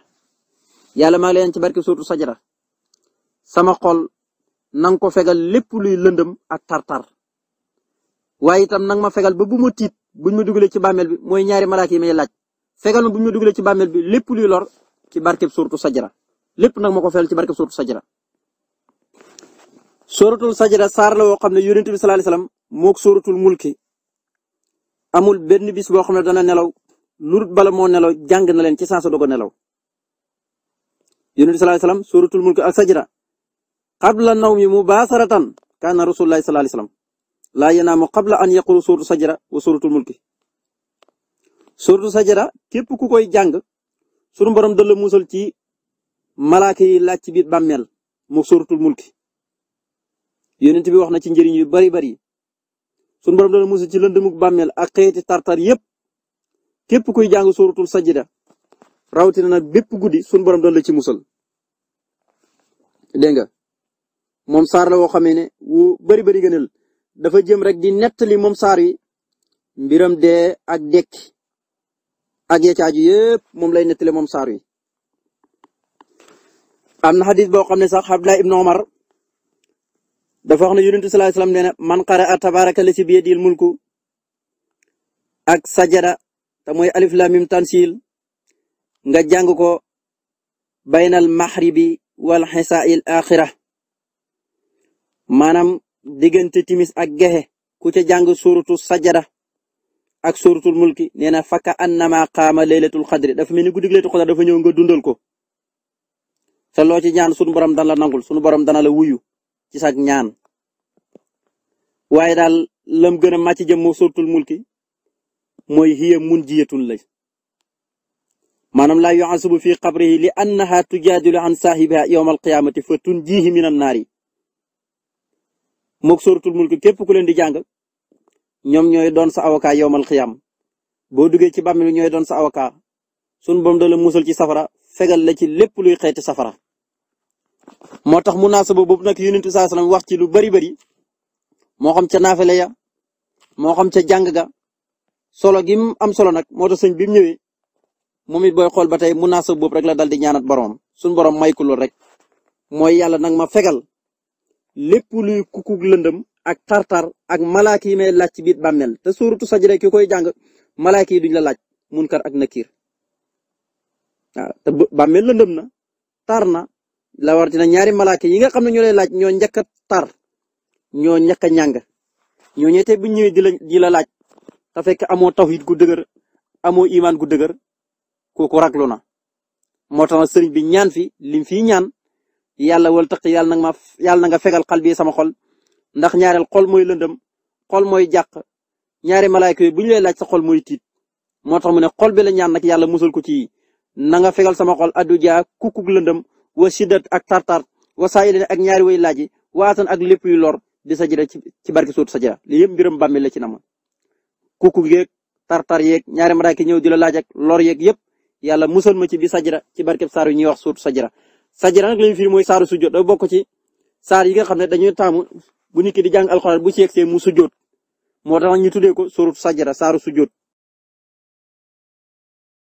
yàlla maa ngi leen ci barkeb suurtu sajara sama xol na nga ko fegal lépp luy lëndëm ak tartar waaye itam nang ma fegal ba bu ma tiit buñ ma dugalee ci bàmmeel bi mooy ñaari malaaka yi may laaj fegal ma buñ ma dugalee ci bàmmeel bi lépp luy lor ci barkeb suuratu sajara lépp nag ma ko fegal ci barkeb suuratu sajara sooratul sajara saar la woo xam ne yonent bi sallallahu alayhi wasallam moog sooratul mulki amul benn bis boo xam ne dana nelaw lurut bala moo nelaw jàng na leen ci saa sa dogo nelaw yonent bi sallallahu alayhi sooratul mulki ak sajara la qabla nawmi mubasharatan kaana rasulullahi sallallahu alayhi wasallam laa yanaamu la an yaqulu suuratu sajara wa suuratul mulki suuratu sajara képp ku koy jàng sunu borom dala musal ci malaaka yi laaj ci biir mu suuratul mulki yonent bi wax na ci njëriñ yu bari bari sunu borom dala musal ci lëndëmug bàmmeel ak xeeti tartar yépp képp kuy jàng suuratul sajara rawatina nag bépp guddi sunu borom dala ci musal dégg nga moom saar la woo xamee ne wu bari bëri dafa jëm rek di nettali moom saar yi mbiram dee ak dekki ak ya caaju yëpp moom lay nettali moom saar yi am na xadis boo xam ne sax Abdullah ibn Omar dafa wax ne yonent bi sallallahu alayhi wasallam nee na man qara'a tabaaraka lazi mulku ak sajada te mooy alif lam mim tansil nga jàng ko baynal maxribi wal xisaail axira maanaam diggante timis ak gexe ku ca jàng suuratu sajada ak suuratul mulki nee na fakka annama qaama laylatul xadri dafa mel ni guddi laylatul xadri dafa ñëw nga dundal ko te loo ci ñaan sunu borom dana la nangul sunu borom dana la wuyu ci sag ñaan waaye daal lam gën a màcc jëm mo suuratul mulki mooy hiya munjiyatun la maanaam laa yu'asabu fi qabrihi li an annaha tujaadilu an saahibiha yawma alqiyaamati fa tunjihi min annaari mook sóoratul mulk képp ku leen di jàng ñoom ñooy doon sa avocat yowmal xiyaam boo duggee ci bàmmeel ñooy doon sa avocat sunu borom dala la musal ci safara fegal la ci lépp luy xeeti safara. moo tax munaasaba boobu nag yonent bi sallam wax ci lu bari bari moo xam ca naafale ya moo xam ca jàng ga solo gi am solo nag moo tax sëñ bi mu ñëwee moom it booy xool ba tey munaasaba boobu rek la dal di ñaanat borom sunu borom may ko lool rek mooy yàlla nag ma fegal. lépp luy kukuk lëndëm ak tartar ak malaaka yi may laaj ci biir bàmmeel te suuratu sajda ki koy jàng malaaka yi duñ la laaj munkar ak nakiir waaw te bàmmeel lëndëm na tar na la war dina ñaari malaki yi nga xam ne ñoo lay laaj ñoo njëkk a tar ñoo njëkk a ñàng ñoo ñettee bu ñëwee di la di la laaj te fekk amoo tawhid gu dëgër amoo iman gu dëgër kooku raglu na sëriñ bi ñaan fi lim fii ñaan yàlla wal taq yàlla nag ma yàlla na nga fegal xal bi sama xol ndax ñaareel xol mooy lëndëm xol mooy jàq ñaari malaayka yi bu ñu lay laaj sa xol mooy tiit moo tax mu ne xol bi la ñaan nag yàlla musal ko ci na nga fegal sama xol addu jaa kukkug lëndëm wa siddat ak tartar wa saayilin ak ñaari way laaj yi waatan ak lépp yu lor di sa jira ci barke suutu sa jira li yëpp mbiram bàmmi la ci nama kukkug yeeg tartar yeeg ñaari malaayka ñëw di la laaj ak lor yeeg yëpp yàlla musal ma ci bi sajira ci barkeb saar yu ñuy wax suutu sajira sajda nag lañu firi mooy saaru sujjóot da bokk ci saar yi nga xam ne dañuy taamu bu nit ki di jàng alxuraan bu ci yegsee mu sujjóot moo tax ñu tuddee ko suratu saaro saaru sujjóot